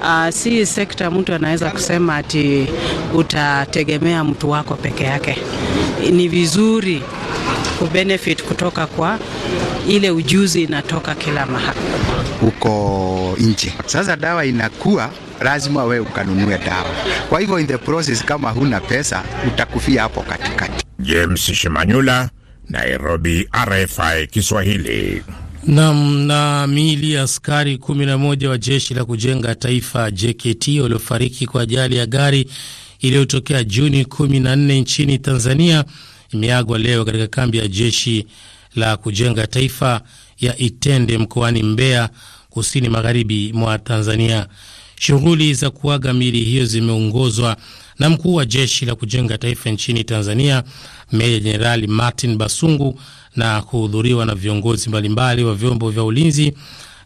Uh, si sekta mtu anaweza kusema ati utategemea mtu wako peke yake. Ni vizuri kubenefit kutoka kwa ile ujuzi inatoka kila mahali huko nje. Sasa dawa inakuwa lazima wewe ukanunue dawa, kwa hivyo in the process, kama huna pesa utakufia hapo katikati. James Shimanyula, Nairobi, RFI Kiswahili. Nam na miili askari kumi na moja wa jeshi la kujenga taifa JKT waliofariki kwa ajali ya gari iliyotokea Juni kumi na nne nchini Tanzania imeagwa leo katika kambi ya jeshi la kujenga taifa ya Itende mkoani Mbeya, kusini magharibi mwa Tanzania. Shughuli za kuaga miili hiyo zimeongozwa na mkuu wa jeshi la kujenga taifa nchini Tanzania, Meja Jenerali Martin Basungu na kuhudhuriwa na viongozi mbalimbali wa vyombo vya ulinzi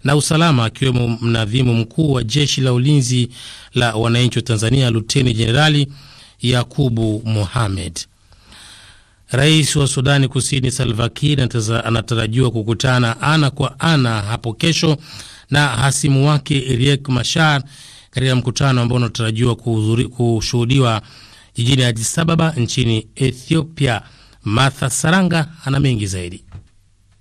na usalama akiwemo mnadhimu mkuu wa jeshi la ulinzi la wananchi wa Tanzania Luteni Jenerali Yakubu Mohamed. Rais wa Sudani Kusini Salva Kiir anatarajiwa kukutana ana kwa ana hapo kesho na hasimu wake Riek Machar katika mkutano ambao unatarajiwa kushuhudiwa jijini Addis Ababa nchini Ethiopia. Martha Saranga ana mengi zaidi.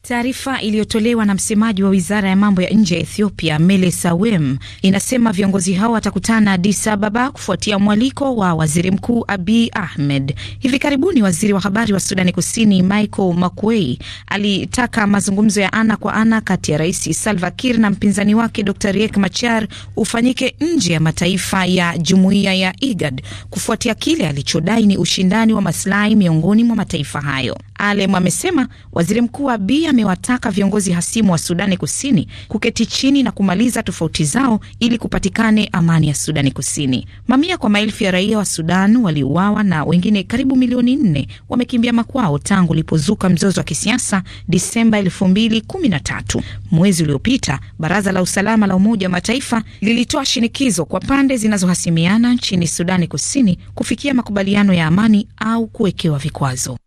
Taarifa iliyotolewa na msemaji wa wizara ya mambo ya nje ya Ethiopia, Mele Sawem, inasema viongozi hao watakutana Addis Ababa kufuatia mwaliko wa waziri mkuu Abiy Ahmed. Hivi karibuni waziri wa habari wa Sudani Kusini Michael Makuei alitaka mazungumzo ya ana kwa ana kati ya Rais Salva Kiir na mpinzani wake Dr Riek Machar ufanyike nje ya mataifa ya jumuiya ya IGAD kufuatia kile alichodai ni ushindani wa masilahi miongoni mwa mataifa hayo. Alem amesema waziri mkuu Abiy amewataka viongozi hasimu wa Sudani Kusini kuketi chini na kumaliza tofauti zao ili kupatikane amani ya Sudani Kusini. Mamia kwa maelfu ya raia wa Sudan waliuawa na wengine karibu milioni nne wamekimbia makwao tangu ulipozuka mzozo wa kisiasa Disemba 2013. Mwezi uliopita, baraza la usalama la Umoja wa Mataifa lilitoa shinikizo kwa pande zinazohasimiana nchini Sudani Kusini kufikia makubaliano ya amani au kuwekewa vikwazo.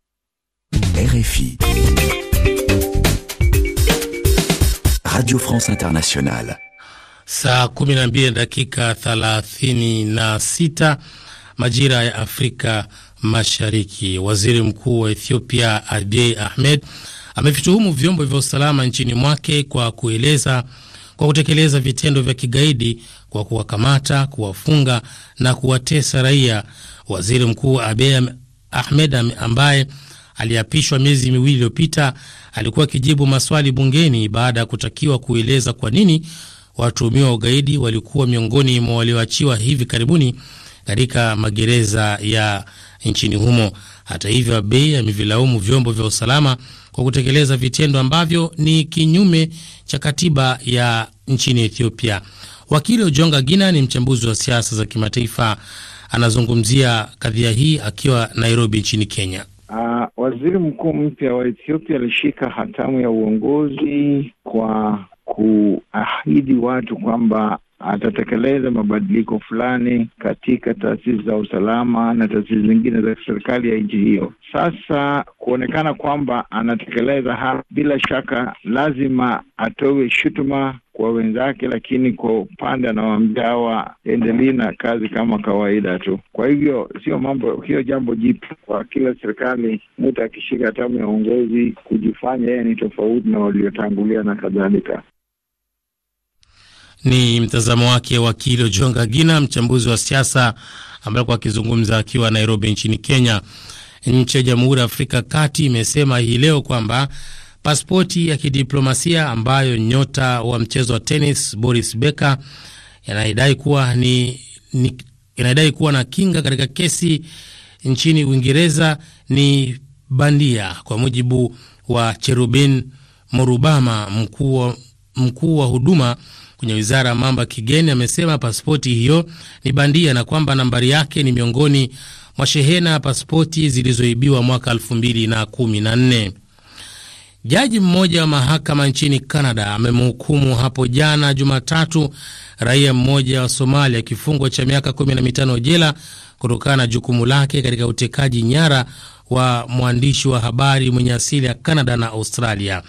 RFI. Radio France Internationale. Saa 12 dakika 36 majira ya Afrika Mashariki. Waziri Mkuu wa Ethiopia Abiy Ahmed amevituhumu vyombo vya usalama nchini mwake kwa kueleza kwa kutekeleza vitendo vya kigaidi kwa kuwakamata, kuwafunga na kuwatesa raia. Waziri Mkuu Abiy Ahmed ambaye aliapishwa miezi miwili iliyopita alikuwa akijibu maswali bungeni baada ya kutakiwa kueleza kwa nini watuhumiwa wa ugaidi walikuwa miongoni mwa walioachiwa hivi karibuni katika magereza ya nchini humo. Hata hivyo, Abei amevilaumu vyombo vya usalama kwa kutekeleza vitendo ambavyo ni kinyume cha katiba ya nchini Ethiopia. Wakili Ojonga Gina ni mchambuzi wa siasa za kimataifa, anazungumzia kadhia hii akiwa Nairobi nchini Kenya. Waziri mkuu mpya wa Ethiopia alishika hatamu ya uongozi kwa kuahidi watu kwamba atatekeleza mabadiliko fulani katika taasisi za usalama na taasisi zingine za serikali ya nchi hiyo. Sasa kuonekana kwamba anatekeleza ha, bila shaka lazima atoe shutuma kwa wenzake, lakini kwa upande hawa endelee na kazi kama kawaida tu. Kwa hivyo sio mambo hiyo, jambo jipya kwa kila serikali, mtu akishika hatamu ya uongozi kujifanya yeye ni tofauti na waliotangulia na kadhalika. Ni mtazamo wake wakili Ojonga Gina, mchambuzi wa siasa, ambaye kwa akizungumza akiwa Nairobi nchini Kenya. Nchi ya Jamhuri ya Afrika Kati imesema hii leo kwamba paspoti ya kidiplomasia ambayo nyota wa mchezo wa tenis Boris Becker yanadai kuwa ni, ni inadai kuwa na kinga katika kesi nchini Uingereza ni bandia, kwa mujibu wa Cherubin Morubama, mkuu wa huduma kwenye wizara ya mambo ya kigeni amesema pasipoti hiyo ni bandia na kwamba nambari yake ni miongoni mwa shehena ya pasipoti zilizoibiwa mwaka 2014. Jaji mmoja wa mahakama nchini Canada amemhukumu hapo jana Jumatatu raia mmoja wa Somalia kifungo cha miaka 15 jela kutokana na jukumu lake katika utekaji nyara wa mwandishi wa habari mwenye asili ya Canada na Australia.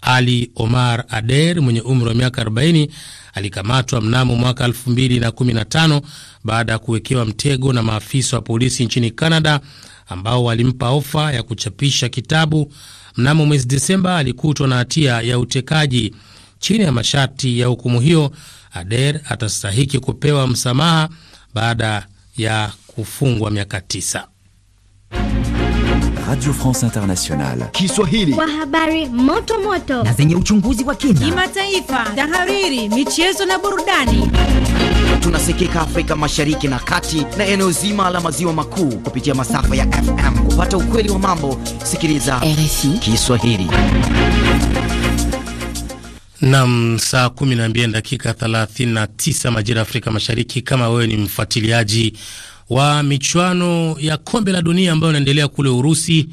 Ali Omar Ader mwenye umri wa miaka 40 alikamatwa mnamo mwaka 2015 baada ya kuwekewa mtego na maafisa wa polisi nchini Canada ambao walimpa ofa ya kuchapisha kitabu. Mnamo mwezi Desemba alikutwa na hatia ya utekaji. Chini ya masharti ya hukumu hiyo, Ader atastahiki kupewa msamaha baada ya kufungwa miaka tisa. Radio France Internationale Kiswahili kwa habari moto moto na zenye uchunguzi wa kina, kimataifa, tahariri, michezo na burudani. Tunasikika Afrika Mashariki na Kati na eneo zima la maziwa makuu kupitia masafa ya FM. Kupata ukweli wa mambo, sikiliza RFI Kiswahili. Nam, saa 12 dakika 39 majira Afrika Mashariki. Kama wewe ni mfuatiliaji wa michuano ya kombe la dunia ambayo inaendelea kule Urusi,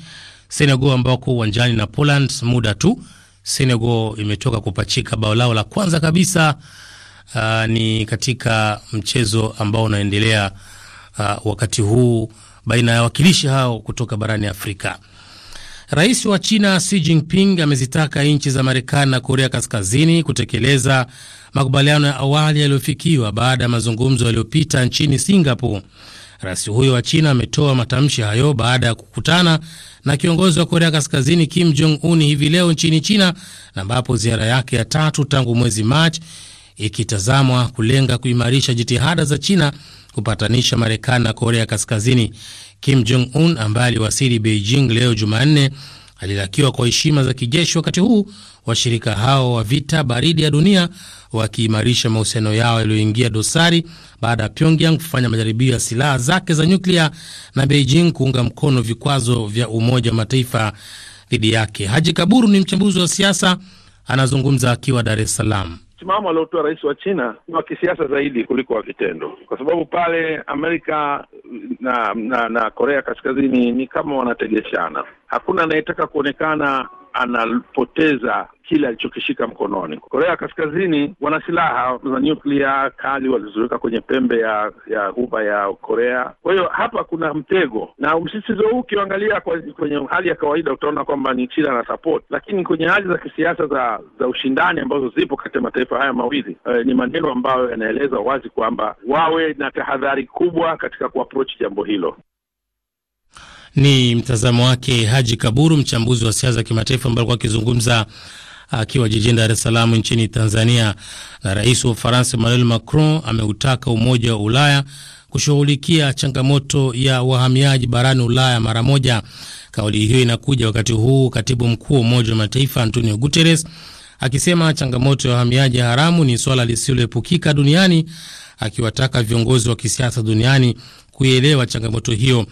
Senegal ambao wako uwanjani na Poland muda tu. Senegal imetoka kupachika bao lao la kwanza kabisa. Uh, ni katika mchezo ambao unaendelea uh, wakati huu baina ya wakilishi hao kutoka barani Afrika. Rais wa China Xi Jinping amezitaka nchi za Marekani na Korea Kaskazini kutekeleza makubaliano ya awali yaliyofikiwa baada ya mazungumzo yaliyopita nchini Singapore. Rais huyo wa China ametoa matamshi hayo baada ya kukutana na kiongozi wa Korea Kaskazini Kim Jong Un hivi leo nchini China, na ambapo ziara yake ya tatu tangu mwezi Machi ikitazamwa kulenga kuimarisha jitihada za China kupatanisha Marekani na Korea Kaskazini. Kim Jong Un ambaye aliwasili Beijing leo Jumanne alilakiwa kwa heshima za kijeshi, wakati huu washirika hao wa vita baridi ya dunia wakiimarisha mahusiano yao yaliyoingia dosari baada ya Pyongyang kufanya majaribio ya silaha zake za nyuklia na Beijing kuunga mkono vikwazo vya Umoja wa Mataifa dhidi yake. Haji Kaburu ni mchambuzi wa siasa, anazungumza akiwa Dar es Salaam. Msimamo aliotoa rais wa China ni wa kisiasa zaidi kuliko wa vitendo, kwa sababu pale Amerika na na, na Korea Kaskazini ni kama wanategeshana Hakuna anayetaka kuonekana anapoteza kile alichokishika mkononi. Korea Kaskazini wana silaha za nyuklia kali walizoweka kwenye pembe ya ya ghuba ya Korea. Kwa hiyo hapa kuna mtego, na msisitizo huu ukiangalia kwenye hali ya kawaida utaona kwamba ni China na support, lakini kwenye hali za kisiasa za za ushindani ambazo zipo kati ya mataifa haya mawili e, ni maneno ambayo yanaeleza wazi kwamba wawe na tahadhari kubwa katika kuapproach jambo hilo. Ni mtazamo wake Haji Kaburu, mchambuzi wa siasa za kimataifa, ambaye alikuwa akizungumza akiwa jijini Dar es Salaam nchini Tanzania. Na rais wa Ufaransa Emmanuel Macron ameutaka Umoja wa Ulaya kushughulikia changamoto ya wahamiaji barani Ulaya mara moja. Kauli hiyo inakuja wakati huu katibu mkuu wa Umoja wa Mataifa Antonio Guterres akisema changamoto ya wahamiaji haramu ni swala lisiloepukika duniani, akiwataka viongozi wa kisiasa duniani kuielewa changamoto hiyo.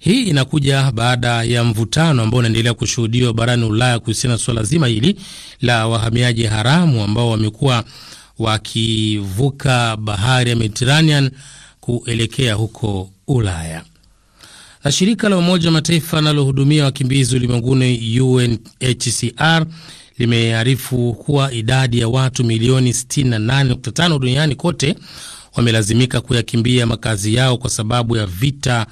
Hii inakuja baada ya mvutano ambao unaendelea kushuhudiwa barani Ulaya kuhusiana na suala zima hili la wahamiaji haramu ambao wamekuwa wakivuka bahari ya Mediterranean kuelekea huko Ulaya. Na shirika la Umoja wa Mataifa linalohudumia wakimbizi ulimwenguni UNHCR limearifu kuwa idadi ya watu milioni 68.5 duniani kote wamelazimika kuyakimbia makazi yao kwa sababu ya vita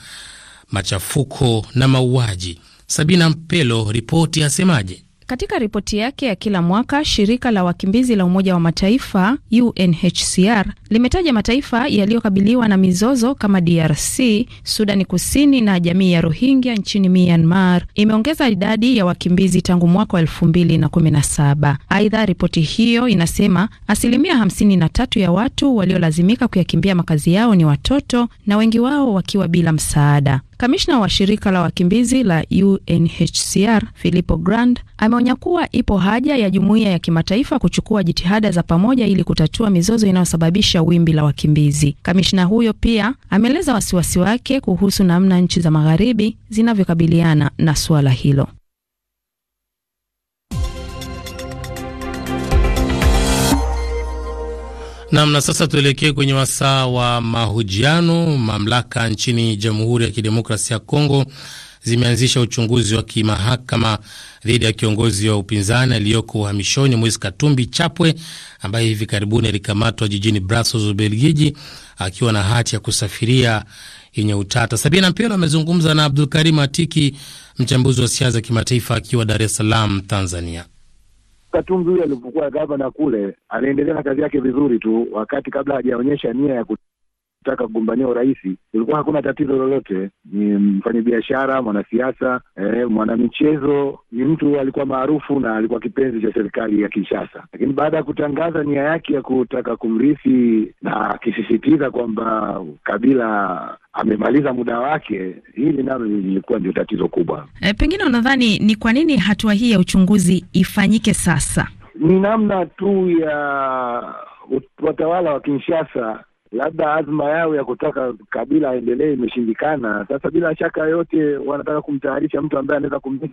machafuko na mauaji. Sabina Mpelo, ripoti yasemaje? Katika ripoti yake ya kila mwaka shirika la wakimbizi la Umoja wa Mataifa UNHCR limetaja mataifa yaliyokabiliwa na mizozo kama DRC, Sudani Kusini na jamii ya Rohingya nchini Myanmar. Imeongeza idadi ya wakimbizi tangu mwaka wa elfu mbili na kumi na saba. Aidha, ripoti hiyo inasema asilimia hamsini na tatu ya watu waliolazimika kuyakimbia makazi yao ni watoto na wengi wao wakiwa bila msaada. Kamishna wa shirika la wakimbizi la UNHCR Filippo Grandi ameonya kuwa ipo haja ya jumuiya ya kimataifa kuchukua jitihada za pamoja ili kutatua mizozo inayosababisha kuepusha wimbi la wakimbizi. Kamishna huyo pia ameeleza wasiwasi wake kuhusu namna nchi za magharibi zinavyokabiliana na suala hilo. Nam na sasa tuelekee kwenye wasaa wa mahojiano. Mamlaka nchini Jamhuri ya Kidemokrasia ya Kongo zimeanzisha uchunguzi wa kimahakama dhidi ya kiongozi wa upinzani aliyoko uhamishoni Moise Katumbi Chapwe, ambaye hivi karibuni alikamatwa jijini Brussels, Ubelgiji, akiwa na hati ya kusafiria yenye utata. Sabina Mpelo amezungumza na Abdul Karim Atiki, mchambuzi wa siasa za kimataifa, akiwa Dar es Salaam, Tanzania. Katumbi huyo alipokuwa gavana kule, aliendelea na kazi yake vizuri tu, wakati kabla hajaonyesha nia ya kutaka kugombania urais, kulikuwa hakuna tatizo lolote. Ni mfanyabiashara, mwanasiasa, eh, mwanamichezo, ni mtu alikuwa maarufu na alikuwa kipenzi cha serikali ya Kinshasa. Lakini baada ya kutangaza nia yake ya kutaka kumrithi na akisisitiza kwamba Kabila amemaliza muda wake, hili nalo lilikuwa ndio tatizo kubwa. E, pengine unadhani ni kwa nini hatua hii ya uchunguzi ifanyike sasa? Ni namna tu ya watawala wa Kinshasa labda azma yao ya kutaka Kabila aendelee imeshindikana. Sasa bila shaka yote wanataka kumtayarisha mtu ambaye anaweza kumia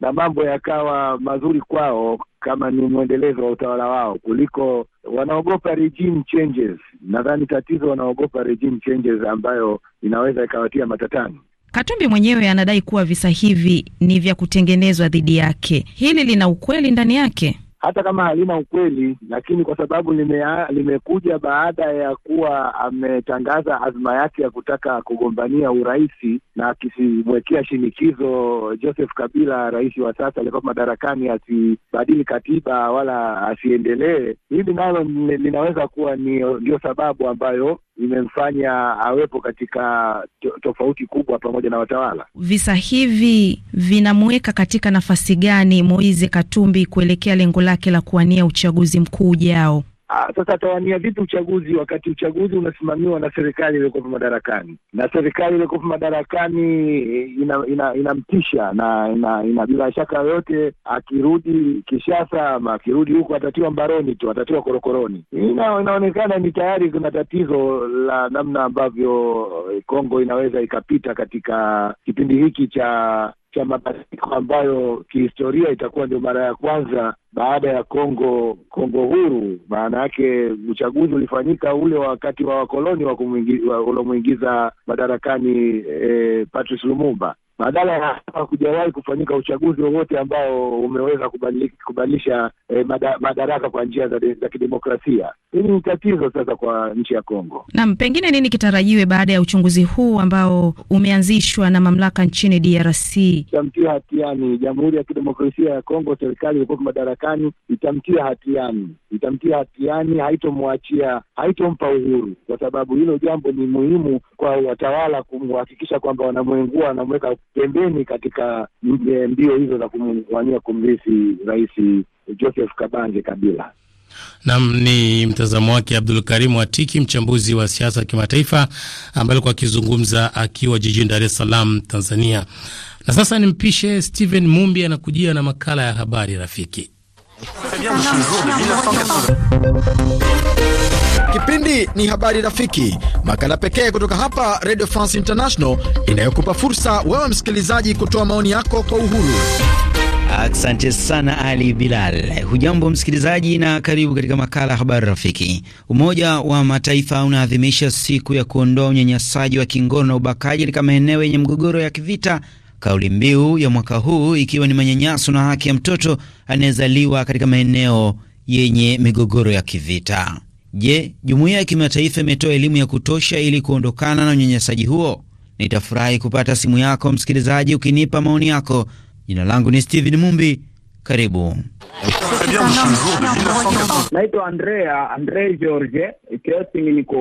na mambo yakawa mazuri kwao kama ni mwendelezo wa utawala wao, kuliko wanaogopa regime changes. Nadhani tatizo wanaogopa regime changes ambayo inaweza ikawatia matatani. Katumbi mwenyewe anadai kuwa visa hivi ni vya kutengenezwa dhidi yake. Hili lina ukweli ndani yake? hata kama halina ukweli, lakini kwa sababu limea, limekuja baada ya kuwa ametangaza azma yake ya kutaka kugombania urahisi na akisimwekea shinikizo Joseph Kabila, rais wa sasa aliyekuwa madarakani, asibadili katiba wala asiendelee. Hili nalo linaweza kuwa ndio sababu ambayo imemfanya awepo katika to, tofauti kubwa pamoja na watawala. Visa hivi vinamweka katika nafasi gani Moise Katumbi kuelekea lengo lake la kuwania uchaguzi mkuu ujao? Ah, sasa atawania vipi uchaguzi wakati uchaguzi unasimamiwa na serikali iliyokuwa madarakani, na serikali iliyokuwa madarakani inamtisha eh, ina, ina na ina, ina bila shaka yoyote, akirudi Kishasa ama akirudi huko atatiwa mbaroni tu, atatiwa korokoroni. Ina, inaonekana ni tayari kuna tatizo la namna ambavyo eh, Kongo inaweza ikapita katika kipindi hiki cha cha mabadiliko ambayo kihistoria itakuwa ndio mara ya kwanza baada ya Kongo Kongo huru. Maana yake uchaguzi ulifanyika ule wakati wa wakoloni wa uliomwingiza madarakani eh, Patrice Lumumba badala ya hapa kujawahi kufanyika uchaguzi wowote ambao umeweza kubadilisha eh, mada, madaraka kwa njia za, za kidemokrasia. Hili ni tatizo sasa kwa nchi ya Kongo. Naam, pengine nini kitarajiwe baada ya uchunguzi huu ambao umeanzishwa na mamlaka nchini DRC? Itamtia hatiani Jamhuri ya Kidemokrasia ya Kongo, serikali iliyokuwa madarakani itamtia hatiani, itamtia hatiani, haitomwachia, haitompa uhuru, kwa sababu hilo jambo ni muhimu kwa watawala kumhakikisha kwamba wanamwengua, wanamweka pembeni katika eh, mbio hizo za kumwania kumrithi Rais Joseph Kabange Kabila. Nam ni mtazamo wake Abdul Karimu Atiki, mchambuzi wa siasa za kimataifa ambaye alikuwa akizungumza akiwa jijini Dar es Salaam, Tanzania. Na sasa nimpishe Steven Mumbi anakujia na makala ya habari rafiki. Ah, Kipindi ni Habari Rafiki, makala pekee kutoka hapa Radio France International inayokupa fursa wewe msikilizaji kutoa maoni yako kwa uhuru. Asante sana Ali Bilal. Hujambo msikilizaji, na karibu katika makala ya habari rafiki. Umoja wa Mataifa unaadhimisha siku ya kuondoa unyanyasaji wa kingono na ubakaji katika maeneo yenye mgogoro ya kivita kauli mbiu ya mwaka huu ikiwa ni manyanyaso na haki ya mtoto anayezaliwa katika maeneo yenye migogoro ya kivita. Je, jumuiya ya kimataifa imetoa elimu ya kutosha ili kuondokana na unyanyasaji huo? Nitafurahi kupata simu yako msikilizaji, ukinipa maoni yako. Jina langu ni Steven Mumbi. Karibu. Naitwa Andrea Andre George Kiosing, niko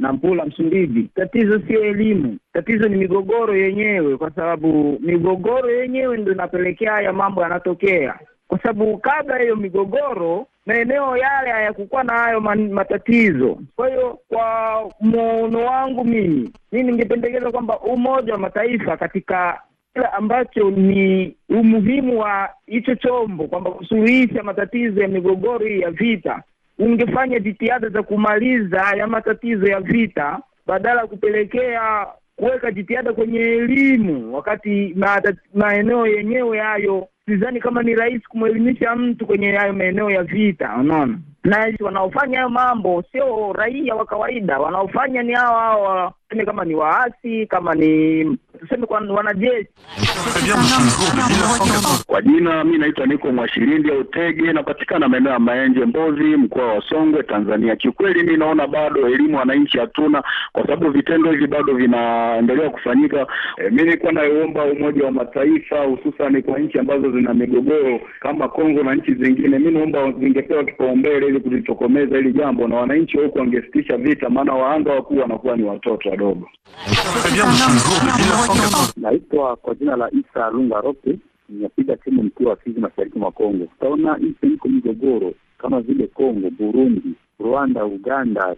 Nampula, Msumbiji. Tatizo sio elimu, tatizo ni migogoro yenyewe, kwa sababu migogoro yenyewe ndo inapelekea haya mambo yanatokea, kwa sababu kabla hiyo migogoro maeneo yale hayakukuwa na hayo matatizo. Kwa hiyo kwa muono wangu mimi, mimi ningependekeza kwamba Umoja wa Mataifa katika kile ambacho ni umuhimu wa hicho chombo kwamba kusuluhisha matatizo ya migogoro ya vita, ungefanya jitihada za kumaliza ya matatizo ya vita badala ya kupelekea kuweka jitihada kwenye elimu, wakati maeneo yenyewe hayo sidhani kama ni rahisi kumwelimisha mtu kwenye hayo maeneo ya vita. Unaona? na wanaofanya hayo mambo sio raia wa kawaida, wanaofanya ni hawa hawa, tuseme kama ni waasi, kama ni tuseme kwa wanajeshi. Kwa jina mi naitwa niko Mwashirindi au Tege, napatikana maeneo ya Maenje Mbozi, mkoa wa Songwe, Tanzania. Kiukweli mi naona bado elimu wananchi hatuna, kwa sababu vitendo hivi bado vinaendelea kufanyika. E, mi nilikuwa naomba Umoja wa Mataifa, hususan kwa nchi ambazo zina migogoro kama Kongo na nchi zingine, mi naomba zingepewa kipaumbele ili kulitokomeza hili jambo, na wananchi wa huku wangesitisha vita, maana waanga wakuu wanakuwa ni watoto wadogo. Naitwa kwa jina la Isa Lunga Rope, ninapiga timu mkuu wa Kivu mashariki mwa Kongo. Utaona nchi iko migogoro kama vile Kongo, Burundi, Rwanda, Uganda,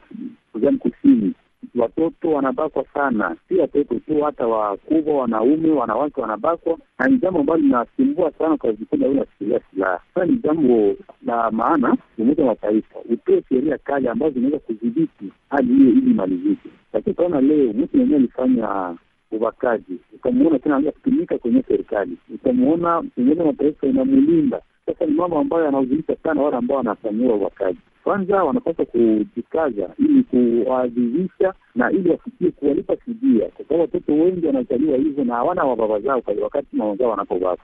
Sudani Kusini watoto wanabakwa sana, si watoto tu, hata wakubwa, wanaume, wanawake wanabakwa, na ni jambo ambalo linasumbua sana kwa vikundi au nashikilia silaha. Sasa ni jambo la maana, Umoja wa Mataifa utoe sheria kali ambazo zinaweza kudhibiti hali hiyo ili imalizike, lakini ukaona leo mtu mwenyewe alifanya ubakaji, ukamwona tena anaanza kutumika kwenye serikali, ukamwona Umoja wa Mataifa inamulinda sasa ni mambo ambayo yanahuzunisha sana wale ambao wanafanyiwa ubakaji. Kwanza wanapaswa kujikaza ili kuwaadhibisha na ili wafikie kuwalipa fidia, kwa sababu watoto wengi wanazaliwa hivyo na hawana wababa zao, wakati mama zao wanapobaka.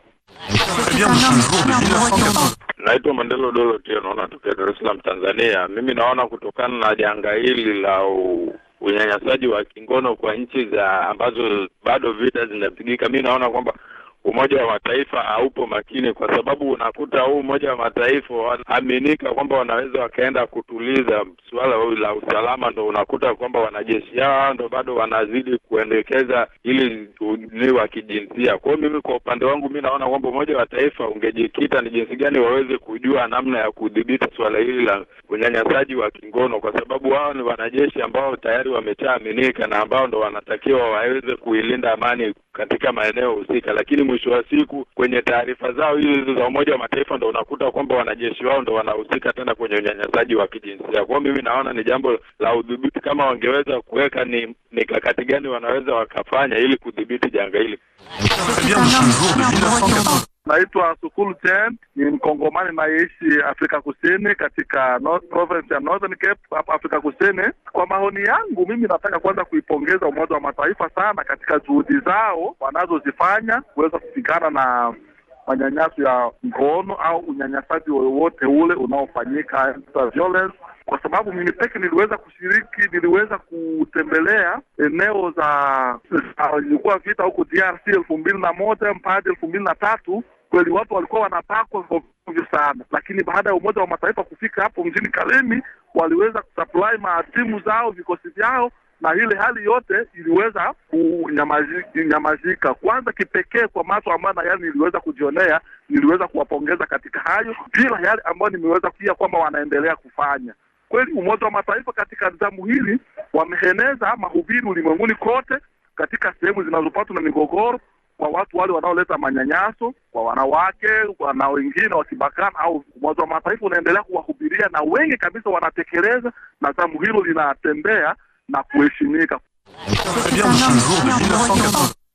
Naitwa Mandelo Dolo Tio, naona tokea Dar es Salaam, Tanzania. Mimi naona kutokana na janga hili la unyanyasaji wa kingono kwa nchi za ambazo bado vita zinapigika, mi naona kwamba Umoja wa Mataifa haupo makini, kwa sababu unakuta huu Umoja wa Mataifa wanaaminika kwamba wanaweza wakaenda kutuliza suala la usalama, ndo unakuta kwamba wanajeshi hao ndo bado wanazidi kuendekeza ili ni wa kijinsia. Kwa hiyo mimi kwa upande wangu mi naona kwamba Umoja wa Mataifa ungejikita ni jinsi gani waweze kujua namna ya kudhibiti suala hili la unyanyasaji wa kingono, kwa sababu wao ni wanajeshi ambao tayari wameshaaminika na ambao ndo wanatakiwa waweze kuilinda amani katika maeneo husika, lakini mwisho wa siku kwenye taarifa zao hizo hizo za Umoja wa Mataifa ndo unakuta kwamba wanajeshi wao ndo wanahusika tena kwenye unyanyasaji wa kijinsia. Kwao mimi naona ni jambo la udhibiti, kama wangeweza kuweka ni mikakati gani wanaweza wakafanya ili kudhibiti janga hili. Naitwa Sukulu Chen, ni mkongomani nayeishi Afrika Kusini, katika North province ya Northern Cape hapa Afrika Kusini. Kwa maoni yangu mimi, nataka kwanza kuipongeza Umoja wa Mataifa sana katika juhudi zao wanazozifanya kuweza kupigana na manyanyaso ya ngono au unyanyasaji wowote ule unaofanyika violence kwa sababu mimi peke niliweza kushiriki, niliweza kutembelea eneo za ilikuwa vita huko DRC elfu mbili na moja mpaka elfu mbili na tatu kweli watu walikuwa wanapakwa vya sana, lakini baada ya Umoja wa Mataifa kufika hapo mjini Kalemi waliweza kusupply maatimu zao vikosi vyao, na ile hali yote iliweza kunyamazika. Kwanza kipekee kwa macho ambayo na yani niliweza kujionea, niliweza kuwapongeza katika hayo, bila yale ambayo nimeweza kuia kwamba wanaendelea kufanya kweli. Umoja wa Mataifa katika zamu hili wameheneza mahubiri ulimwenguni kote katika sehemu zinazopatwa na migogoro kwa watu wale wanaoleta manyanyaso kwa wanawake na wengine wakibakana, au Umoja wa Mataifa unaendelea kuwahubiria na wengi kabisa wanatekeleza, na zamu hilo linatembea na kuheshimika.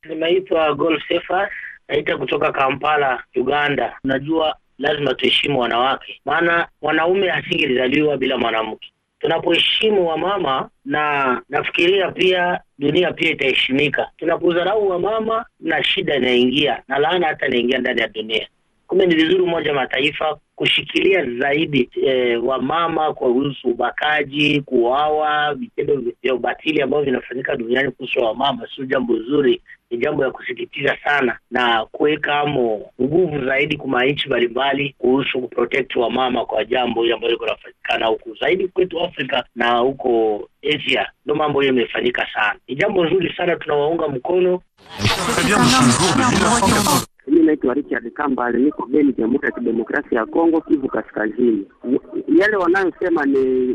Nimeitwa Golsefa, naita kutoka Kampala, Uganda. Unajua lazima tuheshimu wanawake, maana mwanaume asingelizaliwa bila mwanamke. Tunapoheshimu wamama na nafikiria pia dunia pia itaheshimika. Tunapodharau wamama na shida inaingia na laana hata inaingia ndani ya dunia. Kumbe ni vizuri Umoja wa Mataifa kushikilia zaidi eh, wamama kuhusu ubakaji, kuuawa, vitendo vya ubatili ambavyo vinafanyika duniani kuhusu wamama. Sio jambo zuri, ni jambo ya kusikitisha sana, na kuweka amo nguvu zaidi kwa nchi mbalimbali kuhusu kuprotect wamama kwa jambo hili ambayo liko nafanyikana huku zaidi kwetu Afrika na huko Asia, ndo mambo hiyo imefanyika sana. Ni jambo nzuri sana, tunawaunga mkono mimi naitwa Richard Kambale, niko Beni, Jamhuri ya Kidemokrasia ya Kongo, Kivu Kaskazini. Yale wanayosema ni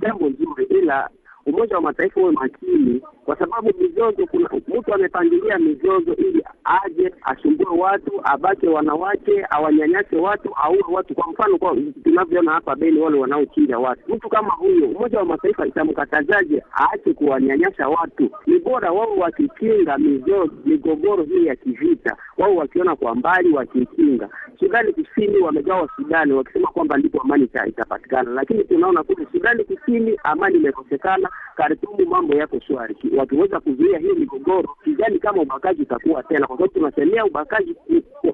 jambo nzuri, ila Umoja wa Mataifa uwe makini, kwa sababu mizozo, kuna mtu amepangilia mizozo ili aje asumbue watu, abake wanawake, awanyanyase watu, aue watu. Kwa mfano, kwa tunavyoona hapa Beni, wale wanaochinja watu, mtu kama huyo, Umoja wa Mataifa itamkatazaje aache kuwanyanyasa watu? Ni bora wao wakikinga mizozo, migogoro hii ya kivita, wao wakiona kwa mbali, wakikinga. Sudani Kusini wamegawa Sudani wakisema kwamba ndipo amani itapatikana, lakini tunaona kule Sudani Kusini amani imekosekana kartumu mambo yako shwari. Wakiweza kuzuia hii migogoro, sidhani kama ubakaji utakuwa tena, kwa sababu tunasemea ubakaji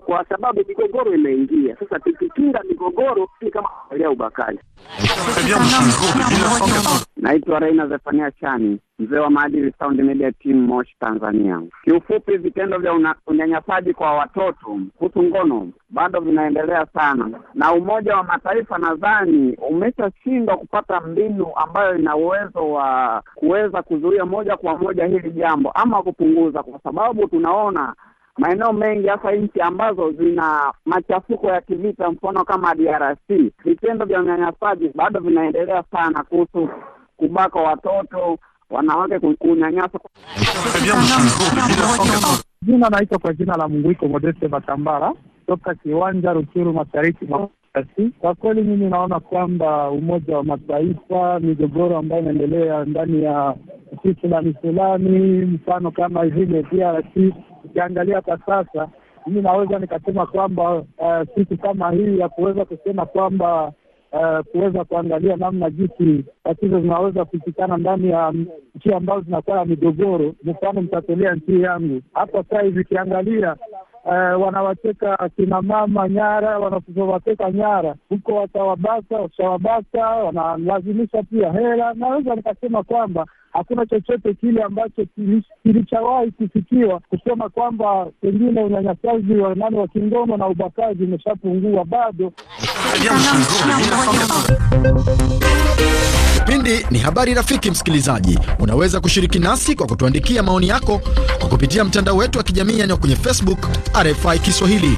kwa sababu migogoro imeingia sasa. Tukikinga migogoro ni kama kuelea ubakaji. Naitwa Reina Zefania Chani mzee wa maadili Sound Media Team, Moshi, Tanzania. Kiufupi, vitendo vya unyanyasaji kwa watoto kuhusu ngono bado vinaendelea sana, na Umoja wa Mataifa nadhani umeshashindwa kupata mbinu ambayo ina uwezo wa kuweza kuzuia moja kwa moja hili jambo ama kupunguza, kwa sababu tunaona maeneo mengi hasa nchi ambazo zina machafuko ya kivita, mfano kama DRC, vitendo vya unyanyasaji bado vinaendelea sana kuhusu kubaka watoto wanawake kunyanyasa. Jina naitwa kwa jina la Munguiko Modeste Matambara toka Kiwanja Ruchuru, mashariki mwa kwa kweli mimi naona kwamba Umoja wa Mataifa, migogoro ambayo inaendelea ndani ya nchi fulani fulani, mfano kama vile DRC, ukiangalia kwa sasa, mimi naweza nikasema kwamba uh, siku kama hii ya kuweza kusema kwamba Eh, kuweza kuangalia namna jinsi tatizo zinaweza kupitikana ndani ya nchi ambazo zinakuwa ya migogoro. Mfano mtatolea nchi yangu hapa saa hivi ikiangalia Uh, eh, wanawateka kina mama nyara, wanawateka nyara huko, watawabasa watawabasa, wanalazimisha pia hela. Naweza nikasema kwamba hakuna chochote kile ambacho kilichawahi kufikiwa kusema kwamba pengine unyanyasaji wa nani wa kingono na ubakaji umeshapungua, bado Kipindi ni habari rafiki. Msikilizaji, unaweza kushiriki nasi kwa kutuandikia maoni yako kwa kupitia mtandao wetu wa kijamii yaani kwenye Facebook RFI Kiswahili.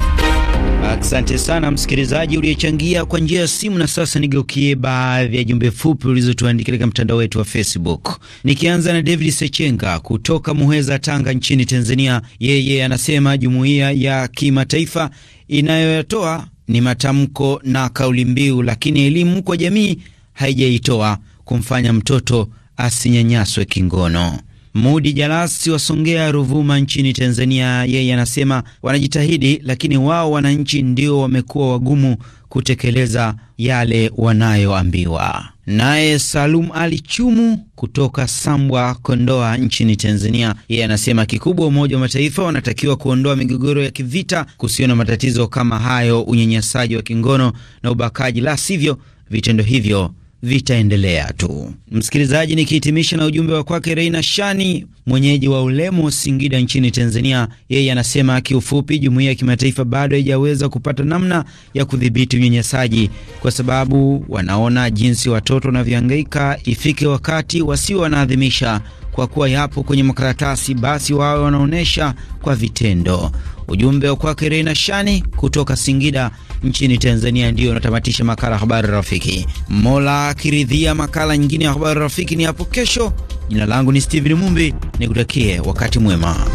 Asante sana msikilizaji uliyechangia kwa njia ya simu. Na sasa nigeukie baadhi ya jumbe fupi ulizotuandikia katika mtandao wetu wa Facebook, nikianza na David Sechenga kutoka Muheza, Tanga nchini Tanzania. Yeye anasema jumuiya ya kimataifa inayoyatoa ni matamko na kauli mbiu, lakini elimu kwa jamii haijaitoa kumfanya mtoto asinyanyaswe kingono. Mudi Jalasi wasongea Ruvuma nchini Tanzania, yeye anasema wanajitahidi, lakini wao wananchi ndio wamekuwa wagumu kutekeleza yale wanayoambiwa. Naye Salum Ali Chumu kutoka Sambwa, Kondoa nchini Tanzania, yeye anasema kikubwa, Umoja wa Mataifa wanatakiwa kuondoa migogoro ya kivita kusio na matatizo kama hayo, unyanyasaji wa kingono na ubakaji, la sivyo vitendo hivyo vitaendelea tu. Msikilizaji, nikihitimisha na ujumbe wa kwake Reina Shani, mwenyeji wa Ulemo, Singida nchini Tanzania. Yeye anasema kiufupi, jumuiya ya kimataifa bado haijaweza kupata namna ya kudhibiti unyanyasaji, kwa sababu wanaona jinsi watoto wanavyohangaika. Ifike wakati wasio wanaadhimisha kwa kuwa yapo kwenye makaratasi, basi wawe wanaonyesha kwa vitendo. Ujumbe wa kwake Reina Shani kutoka Singida nchini Tanzania ndiyo unatamatisha makala ya habari rafiki. Mola akiridhia, makala nyingine ya habari rafiki ni hapo kesho. Jina langu ni Steven Mumbi, nikutakie wakati mwema.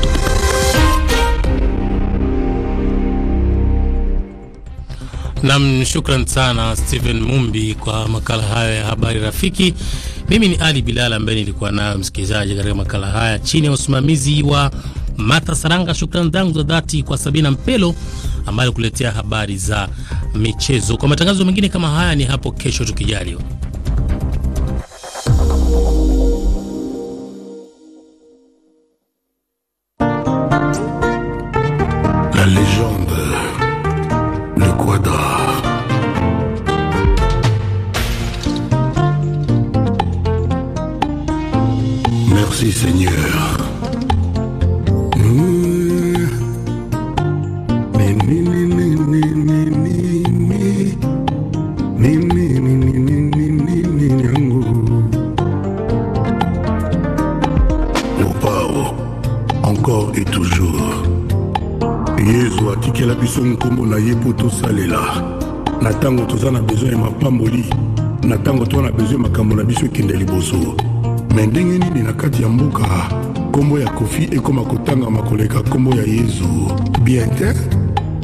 Nam, shukran sana Steven Mumbi kwa makala hayo ya habari rafiki. Mimi ni Ali Bilal ambaye nilikuwa nayo msikilizaji katika makala haya chini ya usimamizi wa Martha Saranga, shukrani zangu za dhati kwa Sabina Mpelo ambaye kuletea habari za michezo. Kwa matangazo mengine kama haya ni hapo kesho tukijaliwa. La légende, quadra. Merci Seigneur. akela biso nkombo na ye mpo tosalela na ntango toza na bezwi ya mapamboli na ntango toza na bezwi ya makambo na biso ekende liboso me ndenge nini na kati ya mboka nkombo ya kofi ekóma kotangama koleka nkombo ya yezu bien te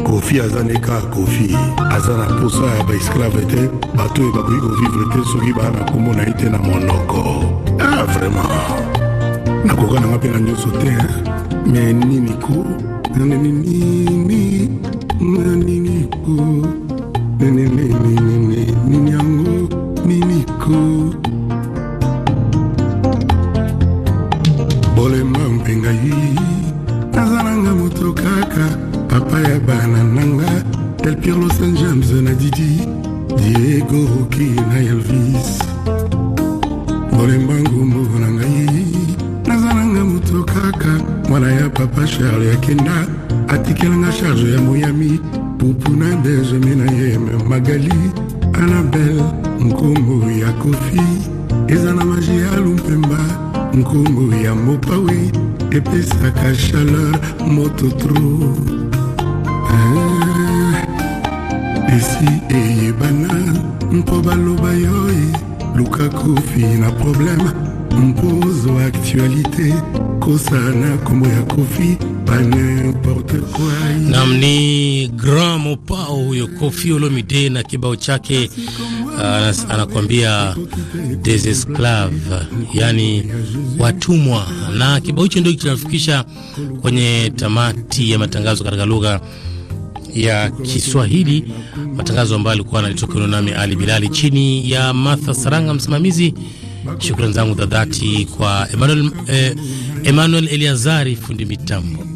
kofi aza ne kaka kofi aza na posa ya baesklave te bato oyo bakoki kovivre te soki baa na nkombo na ye te na monoko ah vraimen nakoka nanga mpe na nyonso te me nini ko bolemba mpe ngai nazalanga moto kaka papa ya bana nanga delpir los angeles na didi diego roki na elvis bolemba ngumbu na ngai bato kaka mwana ya papa charle akenda atikelanga charge ya moyami pupuna dejeme na ye magali anabel nkombo ya kofi eza na maji ya lumpemba nkombo ya mopawe epesaka chaleur moto tro eh, esi eyebana mpo baloba yo e, luka kofi na probleme mpo ozwa actualité Nam ni Grand Mopao huyo Kofi Olomide na kibao chake uh, anakuambia des esclaves, yani watumwa. Na kibao hicho ndio kinafikisha kwenye tamati ya matangazo katika lugha ya Kiswahili, matangazo ambayo alikuwa analitokewa nami Ali Bilali chini ya Martha Saranga msimamizi. Shukrani zangu za dhati kwa Emmanuel eh, Emmanuel Eliazari, fundi mitambo.